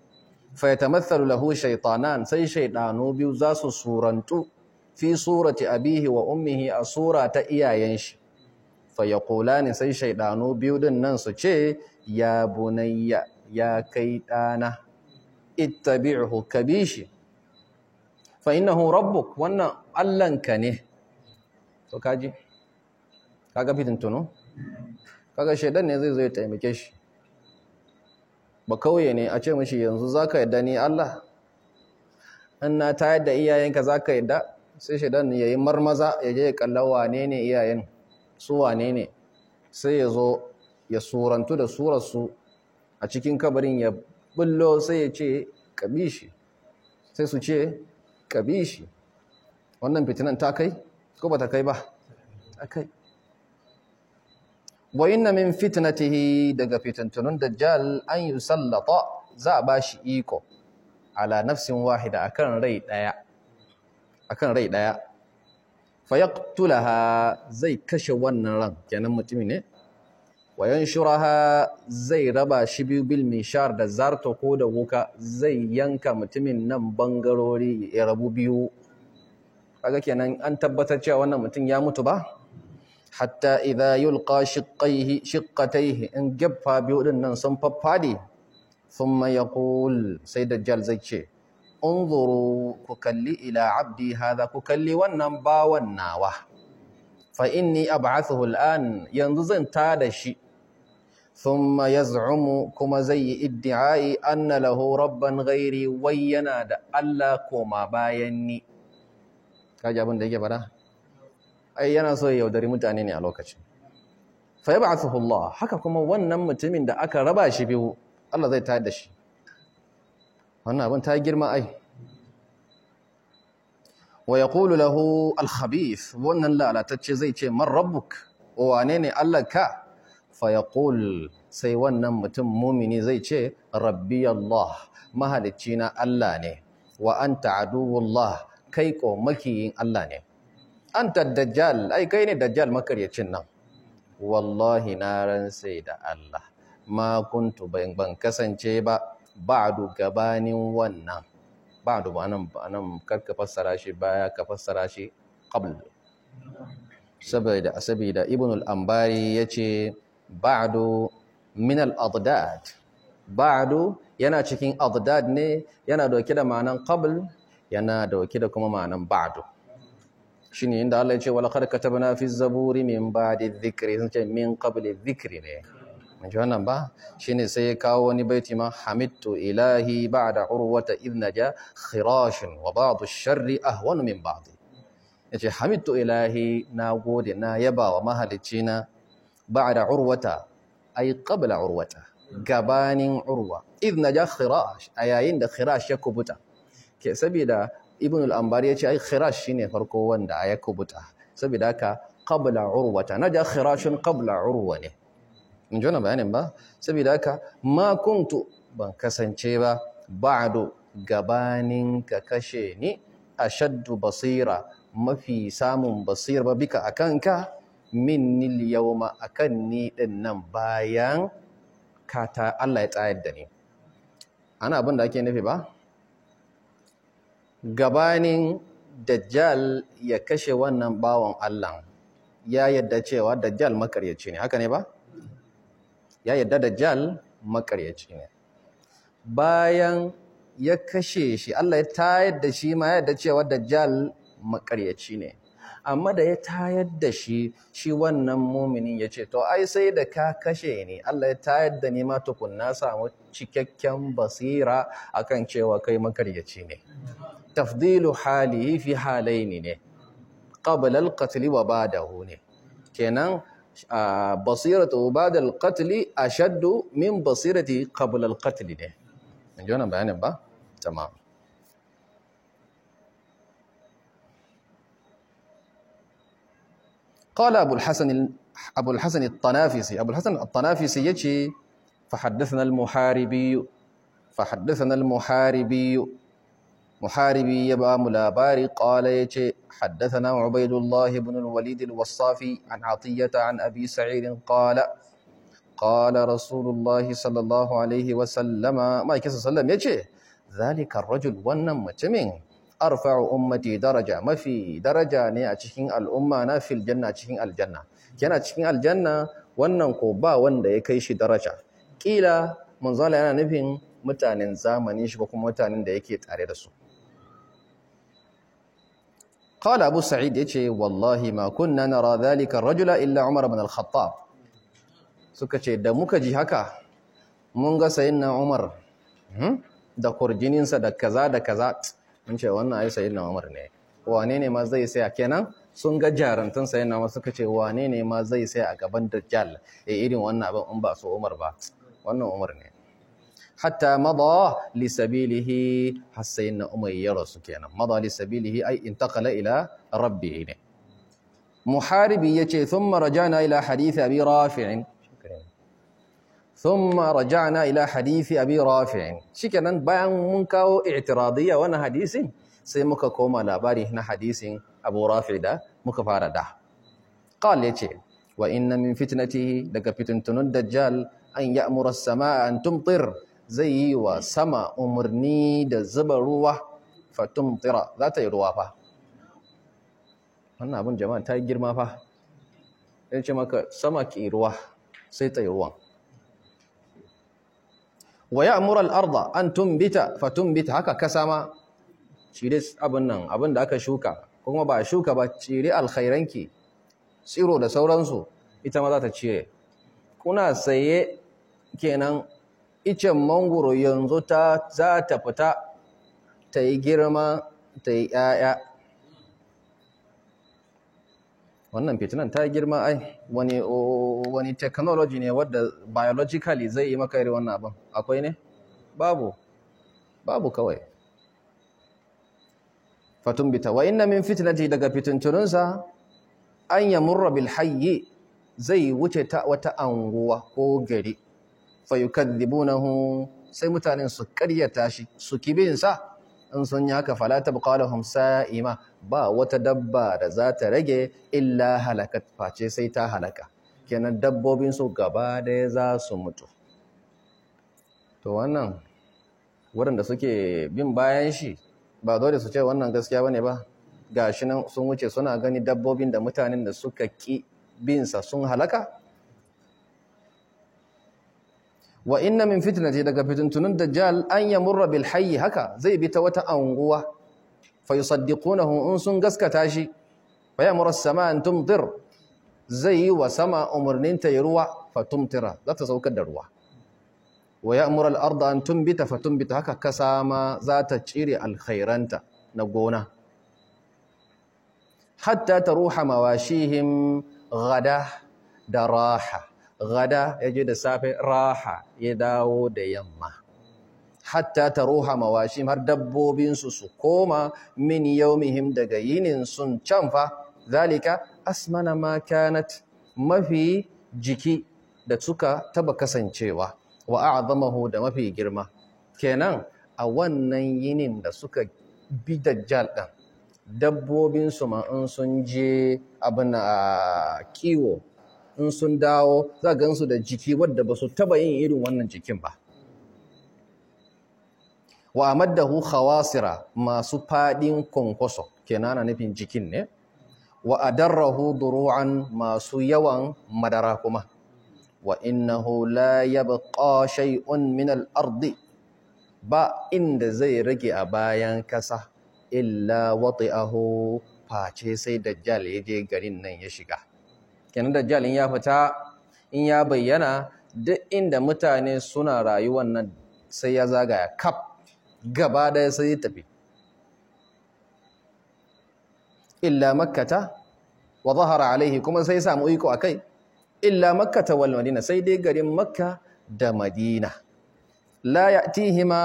fayatamathalu lahu shaytanan sai shaydanu biyu za su surantu fi surati abihi wa ummihi a sura ta iyayen shi fayaqulani sai shaydanu biyu din nan su ce ya bunayya ya kai dana ittabi'uhu ka bi shi fa innahu rabbuk wannan allanka ne to kaji kaga fitin tuno kaga shaidan ne zai zo ya taimake shi ba kauye ne a ce mishi yanzu zaka yadda ni Allah in na tayar da iyayenka zaka yadda sai shaidan ya yi marmaza ya je ya kalla wane ne iyayen su wane ne sai ya zo ya surantu da surarsu a cikin kabarin ya bullo sai ya ce kabishi sai su ce ka wannan fitinan ta kai ko ba ta kai ba ta kai wa inna min fitnatihi daga fitantunun dajjal an yi sallata za a ba shi iko ala nafsin wahida akan rai daya akan rai zai kashe wannan ran kenan mutumi ne Wayan yanshuraha zai raba shi biyu bil mishar da zarto ko da wuka zai yanka mutumin nan bangarori ya rabu biyu kaga kenan an tabbatar cewa wannan mutum ya mutu ba hatta idza yulqa shiqqaihi shiqqataihi in gaffa biyu din nan sun faffade thumma yaqul sai dajjal zai ce unzuru ku kalli ila abdi hadha ku kalli wannan bawan nawa fa inni ab'athuhu al'an yanzu zan tada shi thumma yaz'umu kuma zai yi iddi'ai anna lahu rabban ghairi wai yana da Allah koma bayan ni kaji abin da yake fada ai yana so ya yaudari mutane ne a lokacin fa yab'athuhu Allah haka kuma wannan mutumin da aka raba shi biyu Allah zai tayar shi wannan abin ta girma ai wa yaqulu lahu al-khabith wannan lalatacce zai ce man rabbuk wane ne Allah ka fayaqul sai wannan mutum mumini zai ce rabbi Allah mahalicci na Allah ne wa anta aduwullah kai ko makiyin Allah ne anta dajjal ai kai ne dajjal makaryacin nan wallahi na rantsai da Allah ma kuntu ban ban kasance ba ba'du gabanin wannan ba'du ba nan nan karka fassara shi baya ka fassara shi qabl saboda saboda al ambari yace ba'du min al-adad ba'du yana cikin adad ne yana dauke da ma'anan qabl yana dauke da kuma ma'anan ba'du shine inda Allah ya ce wala qad katabna fi zaburi min ba'di dhikri sun ce min qabli dhikri ne mun ji wannan ba shine sai ya kawo wani baiti ma hamidtu ilahi ba'da urwata idna ja khirashin wa ba'du sharri ahwan min ba'di yace hamidtu ilahi na gode na yaba wa mahalicci ba'da urwata ay qabla urwata gabanin urwa idh naja khirash ayayin da khirash ya kubuta ke saboda ibn al-anbari yace ai khirash shine farko wanda ya kubuta saboda haka qabla urwata naja khirashun qabla urwa ne mun jona bayanin ba saboda haka ma kuntu ban kasance ba ba'du gabanin ka kashe ni ashaddu basira mafi samun basir ba bika akanka Min nil yawma akan ni din nan bayan kata Allah ya tsayar da ni ana abin da ake nufi ba gabanin dajjal ya kashe wannan bawan Allah ya yadda cewa dajjal makaryaci ne haka ne ba ya yadda dajjal makaryaci ne bayan ya kashe shi Allah ya tayar da shi ma ya yadda cewa dajjal makaryaci ne amma da ya tayar da shi shi wannan muminin ya ce to ai sai da ka kashe ni Allah ya tayar da ni ma tukunna samu cikakken basira akan cewa kai makaryaci ne tafdilu hali fi halaini ne qabla al-qatl wa ba'dahu ne kenan basiratu ba'da al ashaddu min basirati qabla al ne an ji bayanin ba tamam qala abul hasan abul yace fa haddathana al ya ba mu labari qala yace haddathana ubaidullah ibn al an atiyata an قال رسول الله صلى الله عليه وسلم ما يكسر سلم يجي ذلك الرجل ونم arfa'u ummati daraja mafi daraja ne a cikin al'umma na fil janna cikin aljanna yana cikin aljanna wannan ko ba wanda ya kai shi daraja kila manzala yana nufin mutanen zamanin shi ko kuma mutanen da yake tare da su qala abu sa'id yace wallahi ma kunna nara zalika rajula illa umar ibn al-khattab suka ce da muka ji haka mun ga sayyidina umar hmm, da kurjininsa da kaza da kaza mun ce wannan ai sayyidina Umar ne wane ne ma zai saya kenan sun ga jarantan sayyidina na suka ce wane ne ma zai saya a gaban dajjal eh irin wannan abin in ba su Umar ba wannan Umar ne hatta mada li sabilihi hasayn umayya rasu kenan mada li sabilihi ay intaqala ila rabbi ne muharibi yace thumma rajana ila hadith abi rafi'in Tun thumma na ila hadithi abi rafi' shikenan bayan mun kawo i'tiradiyya wannan hadisin sai muka koma labari na hadisin abu rafi' da muka fara da qal yace wa inna min fitnatihi daga fitintunun dajal an ya'mura as-samaa an tumtir zai yi wa sama umarni da zuba ruwa ta yi fa wannan abin yace maka sama ki ruwa sai wa ya'muru arda an tumbita fatumbita haka kasa ma cire abin nan abin da aka shuka kuma ba shuka ba cire alkhairanki tsiro da sauransu ita ma za ta cire kuna saye kenan icen mangoro yanzu ta za ta fita ta yi girma ta yi 'ya'ya wannan fitinan ta girma ai wani wani technology ne wadda biologically zai yi maka irin wannan abin akwai ne babu babu kawai fatun bita wa inna min fitnati daga fitintununsa an yamurra bil hayyi zai wuce ta wata anguwa ko gari fa yukadzibunahu sai mutanen su karyata shi su kibinsa in sun haka fala tabqa lahum ima ba wata dabba da za ta rage illa halaka face sai ta halaka kenan dabbobin su gaba daya za su mutu to wannan waɗanda suke bin bayan shi ba dole su ce wannan gaskiya bane ba gashi nan sun wuce suna gani dabbobin da mutanen da suka ki binsa sun halaka wa inna min fitnati daga fitintunun dajjal an yamurra bil hayyi haka zai bi ta wata anguwa fa yusaddiqunahu in sun gaskata shi fa yamuru as-samaa an tumtir zai yi wa sama umurnin ta ruwa fa tumtira za ta saukar da ruwa wa ya'muru al-ardha an tumbita fa tumbita haka kasa ma za ta cire alkhairanta na gona hatta taruha mawashihim gada da raha gada ya je da safe raha ya dawo da yamma hatta ta ruha mawashi har dabbobinsu su koma min yaumihim daga yinin sun canfa zalika asmana ma kanat mafi jiki da suka taba kasancewa wa a'zamahu da mafi girma kenan a wannan yinin da suka bi dajjal din dabbobinsu ma in sun je abin a ah, kiwo in sun dawo za gansu da jiki wadda ba su taba yin irin wannan jikin ba wa hu khawasira masu fadin konkoso ke nana nufin jikin ne wa hu duru'an masu yawan madara kuma wa hu la yaba shay'un min ardi ba inda zai rage a bayan kasa illa wata ahu face sai dajjal ya je garin nan ya shiga kenan dajjal in ya fita in ya bayyana duk inda mutane suna rayuwar nan sai ya zagaya kaf gaba daya sai ya tafi illa makkata wa zahara alaihi kuma sai samu iko akai illa makkata wal madina sai dai garin makka da madina la ya'tihima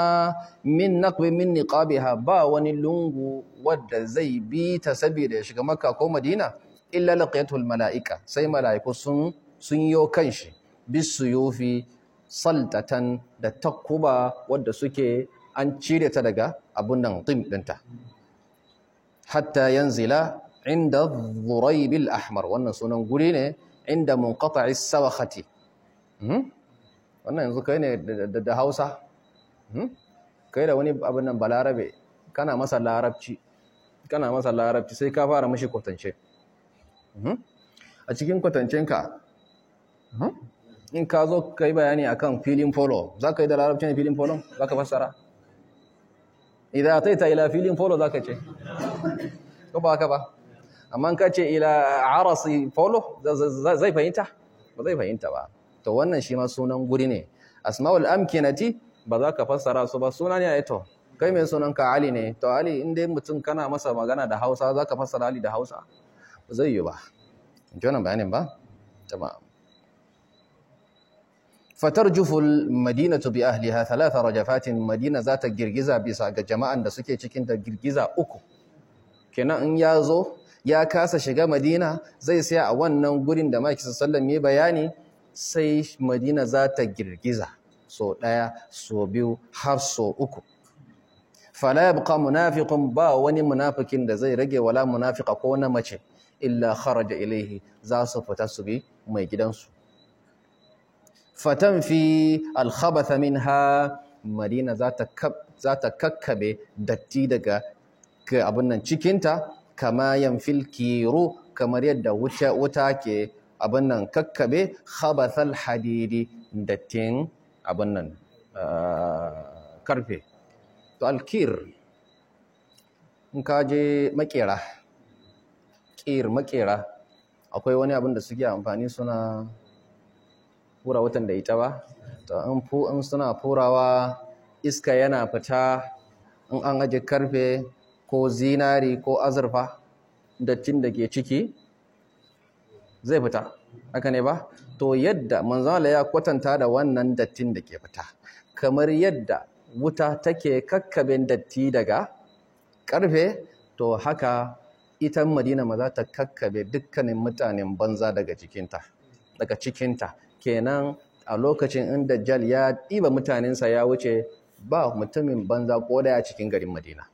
min naqbi min niqabiha ba wani lungu wadda zai bi ta saboda ya shiga makka ko madina illa laqiyatul mala'ika sai mala'iku sun sun yo kanshi bisuyufi saltatan da takuba wadda suke an cire ta daga abun nan tim dinta hatta yanzila inda dhuraibil ahmar wannan sunan guri ne inda munqata'i sawakhati hmm? wannan yanzu kai ne da Hausa hmm? kai da wani abin nan balarabe kana masa larabci kana masa larabci sai ka fara mishi kwatance Hmm? a cikin kwatancinka hmm? in ka zo ka yi bayani a kan filin polo za ka yi da ne filin polo za ka fassara idan ta yi ta ila filin polo za ka ce ko ba ka ba amma ka ce ila arasi polo zai fahimta ba zai fahimta ba to wannan shi ma sunan guri ne asma'ul amkinati ba za ka fassara su ba suna ne a ito kai mai sunan ka ali ne to ali inda mutum kana masa magana da hausa za ka fassara ali da hausa ba zai yi ba ji wannan bayanin ba jama'a fatar juful madinatu bi ahliha talata rajafatin madina za ta girgiza bisa ga jama'an da suke cikin da girgiza uku kenan in ya zo ya kasa shiga madina zai saya a wannan gurin da maki sallam ya bayani sai madina za ta girgiza so ɗaya so biyu har so uku fala yabqa munafikun ba wani munafikin da zai rage wala munafika ko na mace illa kharaja ilaihi za su fita su bi mai gidansu fatanfi alkhabatha minha madina za ta kakkabe datti daga abin nan cikinta kama yamfil kiro kamar yadda wuta ke abin nan kakkabe khabathal hadidi dattin abin nan karfe to alkir in ka je makera makera akwai wani abin da suke amfani suna fura watan da ita ba to an fu an suna furawa iska yana fita in an aje karfe ko zinari ko azurfa dattin da ke ciki zai fita haka ne ba to yadda manzala ya kwatanta da wannan dattin da ke fita kamar yadda wuta take kakkabin datti daga karfe to haka ita madina ma za ta kakkabe dukkanin mutanen banza daga cikinta daga cikinta kenan a lokacin inda jal ya ɗiba mutanensa ya wuce ba mutumin banza ko daya cikin garin madina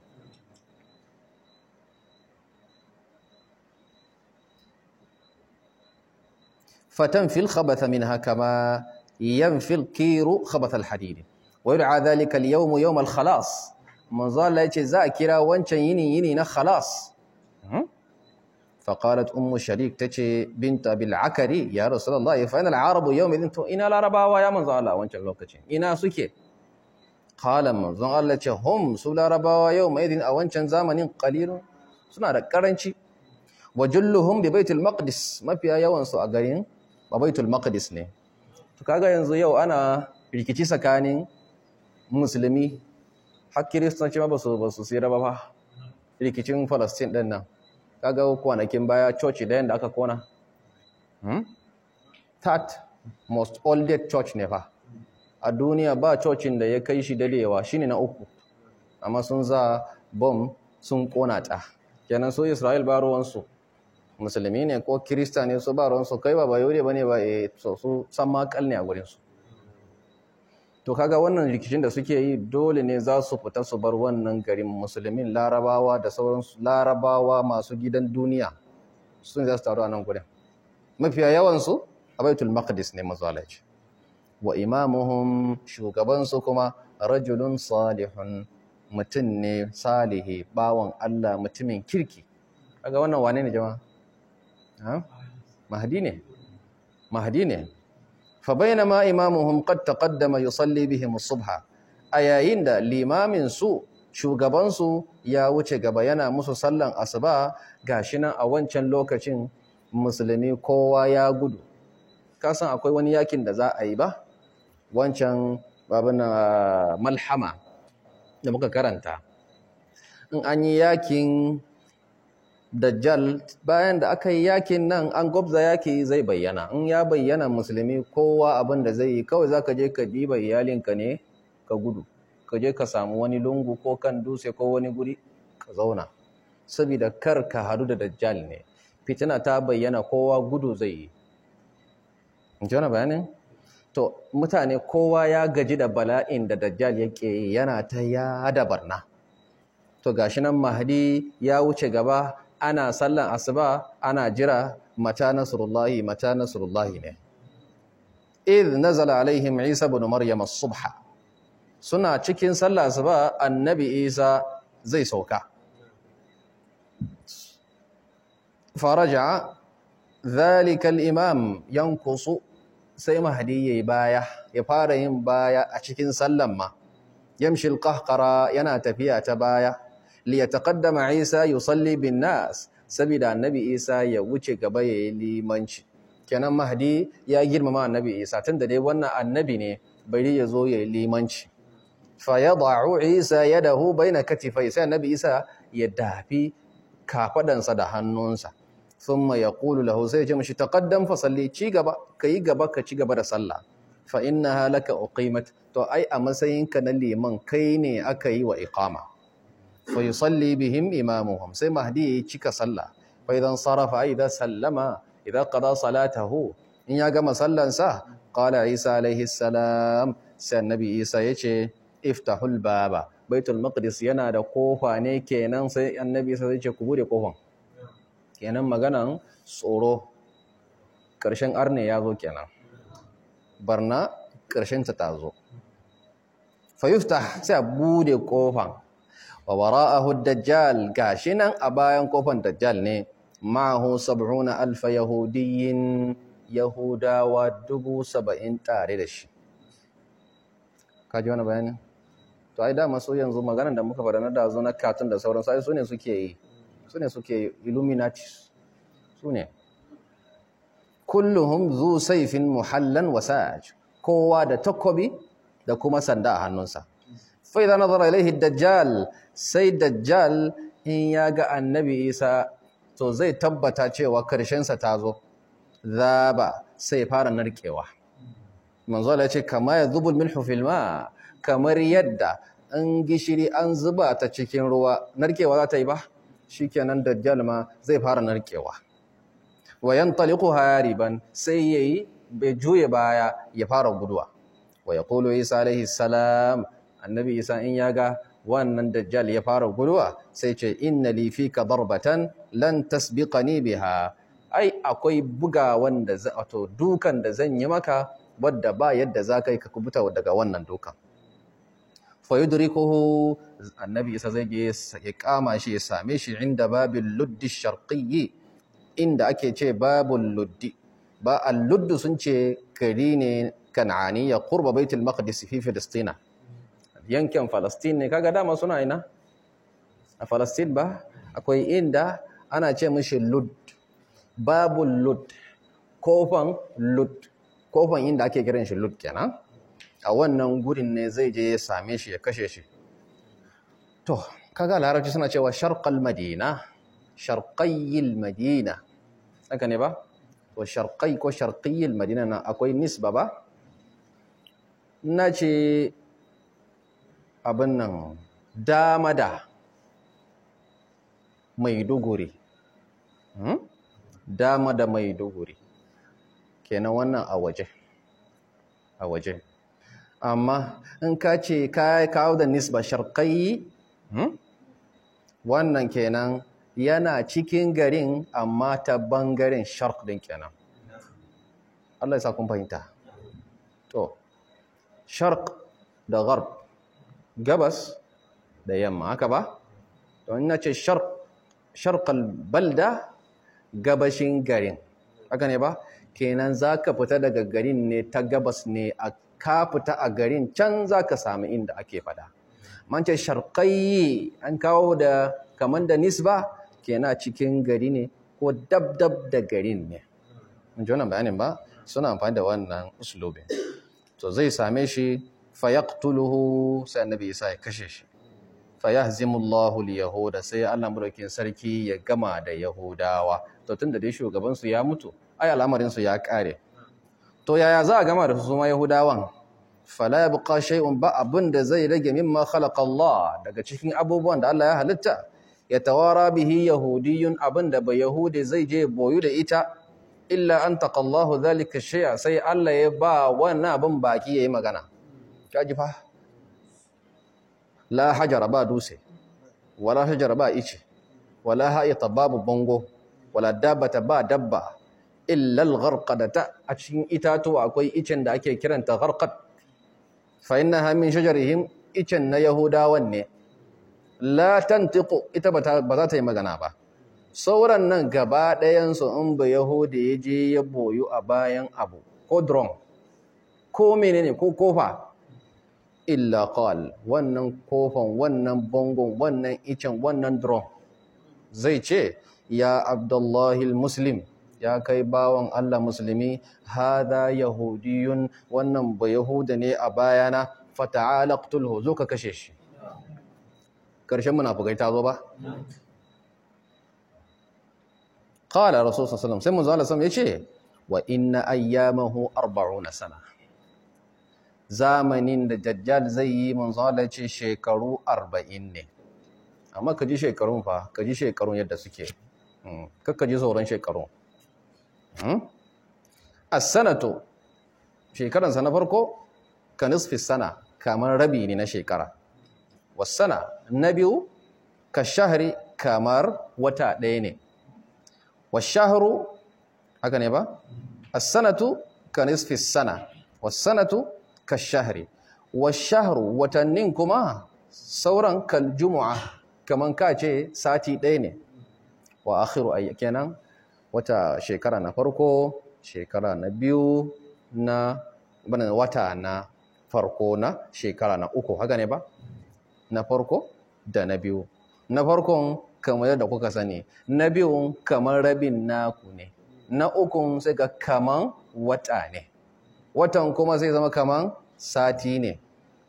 fatan fil khabatha min haka ba yan khabatha alhadid wa yud'a dhalika al-yawm yawm yawm manzo Allah za a kira wancan yini yini na khalas faƙalat umu sharik ta ce binta bil'akari ya rasulallah ya fainal arabu yau mai to ina larabawa ya manzo Allah wancan lokacin ina suke ƙalan manzon Allah ce hum su larabawa yau mai din a wancan zamanin ƙalilu suna da ƙaranci wa julluhum bi baitul maqdis mafiya yawansu a garin ba baitul maqdis ne to kaga yanzu yau ana rikici tsakanin musulmi har kiristoci ma ba su sai raba rikicin Falasɗin din nan kaga kwanakin baya church da yanda aka kona hmm? third most oldest church ne fa a duniya ba churchin da ya kai shi dalewa shine na uku amma sun za bom sun kona ta kenan su Israel ba ruwansu musulmi ne ko kirista ne su ba ruwansu kai ba ba ne ba e so su san makal ne a gurinsu to kaga wannan rikicin da suke yi dole ne za su fita su bar wannan garin musulmin larabawa da sauran larabawa masu gidan duniya sun za su taru a nan gudun mafiya yawansu a baitul maqdis ne mazalaci wa imamuhum shugabansu kuma rajulun salihun mutum ne salihi bawan Allah mutumin kirki kaga wannan wane ne jama'a mahdi ne mahdi ne fabainama imamuhum qad taqaddama yusalli bihim as-subha a yayin da limamin su shugaban ya wuce gaba yana musu sallan asuba gashi nan a wancan lokacin musulmi kowa ya gudu kasan akwai wani yakin da za a yi ba wancan babin ah, malhama da muka karanta in an yi yakin dajjal bayan da aka yi yakin nan an gwabza yaki zai bayyana in ya bayyana musulmi kowa abin da zai yi kawai za ka je ka diba iyalinka ne ka gudu ka je ka samu wani lungu ko kan dutse ko wani guri ka zauna saboda kar ka hadu da dajjal ne fitina ta bayyana kowa gudu zai yi in bayanin to mutane kowa ya gaji da bala'in da dajjal yake yana ta yada barna to gashi nan mahdi ya wuce gaba ana sallan asuba ana jira mata nasrullahi mata nasrullahi ne idh nazala alaihim isa ibn maryam as-subha suna cikin sallah asuba annabi isa zai sauka faraja dhalika al-imam yankusu sai mahdi yayi baya ya fara yin baya a cikin sallan ma yamshi al-qahqara yana tafiya ta baya liyataqaddama Isa yusalli bin nas saboda annabi Isa ya wuce gaba yayi limanci kenan mahdi ya girmama annabi Isa tunda dai wannan annabi ne bari ya zo yayi limanci fayada'u Isa yadahu baina katifai sai annabi Isa ya dafi kafadansa da hannunsa thumma yaqulu lahu sai ya ce mishi taqaddam fa salli ci gaba kai gaba ka ci gaba da sallah fa innaha laka uqimat to ai a matsayinka na liman kai ne aka yi wa iqama fa yusalli bihim imamuhum sai mahdi ya cika sallah fa idan sarafa idan sallama idan qada salatahu in ya gama sallansa qala isa alaihi salam sai annabi isa yace iftahul baba baitul maqdis yana da kofa ne kenan sai annabi isa zai ce ku bude kofan kenan maganan tsoro ƙarshen arne ya zo kenan barna ƙarshen ta zo fayuftah sai a bude kofan wa wara'ahu dajjal gashi nan a bayan kofan dajjal ne ma'ahu sab'una alfa yahudiyin yahudawa dubu saba'in tare da shi kaji wani bayani to ai dama so yanzu maganar da muka fada na dazo na katun da sauran sai su ne suke yi su ne suke illuminati su ne kulluhum zu saifin muhallan wasaj kowa da takobi da kuma sanda a hannunsa fa idza nazara ilaihi dajjal sai dajjal in ya ga annabi Isa to zai tabbata cewa karshen sa tazo zaba sai fara narkewa manzo Allah ya ce kama yadhubul milhu fil ma kamar yadda an gishiri an zuba ta cikin ruwa narkewa za ta yi ba Shi kenan dajjal ma zai fara narkewa wa yantaliqu hariban sai yayi bai juya baya ya fara guduwa wa yaqulu isa alaihi salam annabi isa in ya ga wannan dajjal ya fara guduwa sai ce inna li fika darbatan lan tasbiqani biha ai akwai buga wanda wato dukan da zan yi maka wadda ba yadda za ka yi ka kubuta daga wannan dukan fa yudrikuhu annabi isa zai je ya kama shi ya same shi inda babul luddi sharqiyyi inda ake ce babul luddi ba al-luddu sun ce kari ne kan ya qurba baitul maqdis fi filistina yankin Falastin ne kaga dama suna ina a Falastin ba akwai inda ana ce mishi Lud babu Lud kofan Lud kofan inda ake kiran shi Lud kenan a wannan gurin ne zai je ya same shi ya kashe shi to kaga larabci suna cewa sharqal madina Sharqayil madina haka ne ba to ko sharqayyil madina na akwai nisba ba Na ce. abin nan damada mai duguri hmm? damada mai duguri kenan wannan a waje a waje amma in ka ce ka kawo da nisba sharkai hmm? wannan kenan yana cikin garin amma ta bangaren shark din kenan Allah ya sa kun fahimta to shark da gharb gabas da yamma haka ba don ce sharkar balda gabashin garin haka ne ba kenan za ka fita daga garin ne ta gabas ne a ka fita a garin can za ka sami inda ake fada man ce sharqai an kawo da kamar da nisba kenan cikin gari ne ko dab dab da garin ne mun ji wannan bayanin ba suna amfani da wannan usulobin to zai same shi fayaqtuluhu sai annabi isa ya kashe shi fayahzimullahu liyahuda sai Allah murakin sarki ya gama da yahudawa to tunda dai shugaban su ya mutu ai al'amarin su ya kare to yaya za a gama da su suma yahudawan fala yabqa shay'un ba abun da zai rage mimma khalaqa Allah daga cikin abubuwan da Allah ya halitta ya tawara bihi yahudiyun abun da ba yahudi zai je boyu da ita illa an taqallahu dhalika shay'a sai Allah ya ba wannan abun baki yayi magana kaji fa la hajara ba dutse wala hajara ba ice wala haita babu bango wala bata ba dabba illal gharqadata a cikin itatuwa akwai icen da ake kiranta gharqad fa innaha min shajarihim icen na yahudawan ne la tantiqu ita ba za ta yi magana ba sauran nan gaba ɗayan su in ba yahudi ya je ya boyu a bayan abu ko drone ko menene ko kofa illa qal wannan kofan wannan bangon wannan icen wannan drum zai ce ya abdullahi muslim ya kai bawan Allah musulmi hada yahudiyun wannan ba yahuda ne a bayana fata'ala qtulhu zo ka kashe shi karshen munafukai ta zo ba qala rasul sallallahu alaihi wasallam sai manzo yace wa inna ayyamahu 40 sana zamanin da dajjal zai yi manzo Allah ce shekaru 40 ne amma ka ji shekarun fa ka ji shekarun yadda suke hmm, kakka ji sauran shekarun hmm? A sanatu shekaran na farko ka nisfi sana kamar rabi ne na shekara Wasana sana na biyu ka shahari kamar wata ɗaya ne was haka ne ba a sanatu ka nisfi sana was-sanatu ka shahari. wa shaharu, watannin kuma sauran kal juma'a kaman ka ce sati ɗaya ne wa akhiru ayya kenan wata shekara na farko shekara na biyu na bana wata na farko na shekara na uku haka ne ba na farko da na biyu na farkon kamar da kuka sani na biyun kamar rabin naku ne na ukun sai ga kaman wata ne watan kuma zai zama kaman sati ne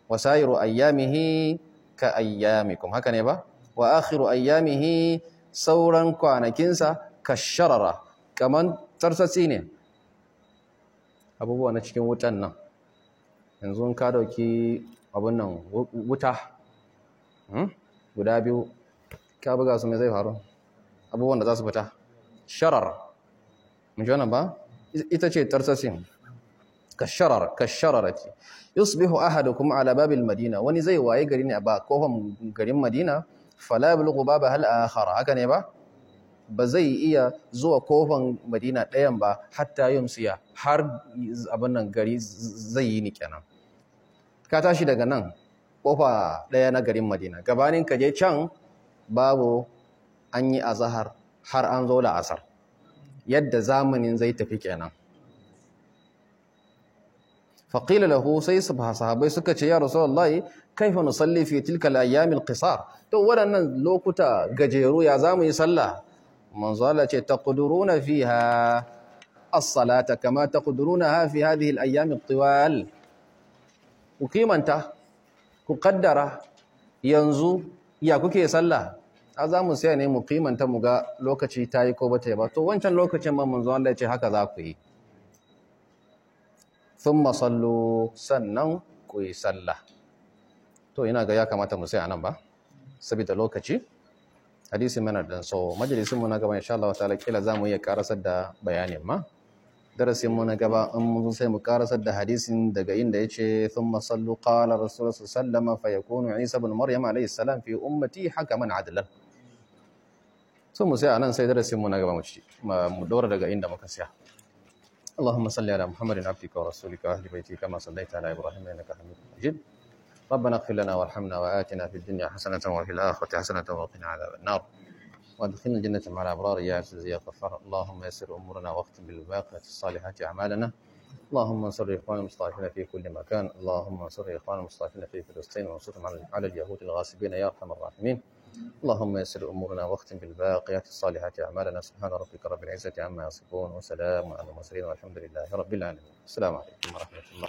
wasairu ayyamihi ka ayyamikum haka ne ba wa akhiru ayyamihi sauran kwanakinsa ka sharara kaman tarsatsi ne abubuwa na cikin wutan nan yanzu ka dauki abun nan wuta hmm, guda biyu ka buga su mai zai faru abubuwan da za su fita sharar mun ji wannan ba ita ce tarsatsin kasharar kasharar ce yusbihu ahadukum ala babil madina wani zai waye gari ne ba kofar garin madina fala yablughu babu hal akhara haka ne ba ba zai iya zuwa kofan madina ɗayan ba hatta yumsiya har abin nan gari zai yi ni kenan ka tashi daga nan kofa ɗaya na garin madina gabanin ka je can babu an yi azahar har an zo la'asar yadda zamanin zai tafi kenan faƙila lahu sai sahabai suka ce ya rasulullahi kaifa nusalli fi tilka al-ayyamil qisar to waɗannan lokuta gajeru ya zamu yi sallah manzo Allah ce taqduruna fiha as-salata kama taqdurunaha fi hadhihi al-ayyam at-tiwal ku kimanta ku kaddara yanzu ya kuke sallah a zamu sai ne mu kimanta mu ga lokaci tayi ko bata yi ba to wancan lokacin ma manzo Allah ya ce haka za ku yi Sun masallo sannan ku yi sallah to ina ga ya kamata mu a anan ba saboda lokaci hadisi mana dan so majalisin mu na gaba insha Allah ta'ala kila mu iya karasar da bayanin ma darasin mu na gaba in mun sai mu karasar da hadisin daga inda yace thumma sallu qala rasulullahi sallama fa yakunu isa ibn maryam alaihi salam fi ummati hakaman adlan so mu sai anan sai darasin mu na gaba mu ci mu dora daga inda muka siya اللهم صل على محمد عبدك ورسولك وأهل بيتك كما صليت على إبراهيم إنك حميد مجيد ربنا اغفر لنا وارحمنا وآتنا في الدنيا حسنة وفي الآخرة حسنة وقنا عذاب النار وادخلنا الجنة مع الأبرار يا عزيز يا غفار اللهم يسر أمورنا واختم بالباقية الصالحات أعمالنا اللهم انصر اخواننا المستضعفين في كل مكان اللهم انصر اخواننا المستضعفين في فلسطين وانصرهم على اليهود الغاصبين يا أرحم الراحمين اللهم يسر أمورنا واختم بالباقيات الصالحات أعمالنا سبحان ربك رب العزة عما يصفون وسلام على المرسلين والحمد لله رب العالمين السلام عليكم ورحمة الله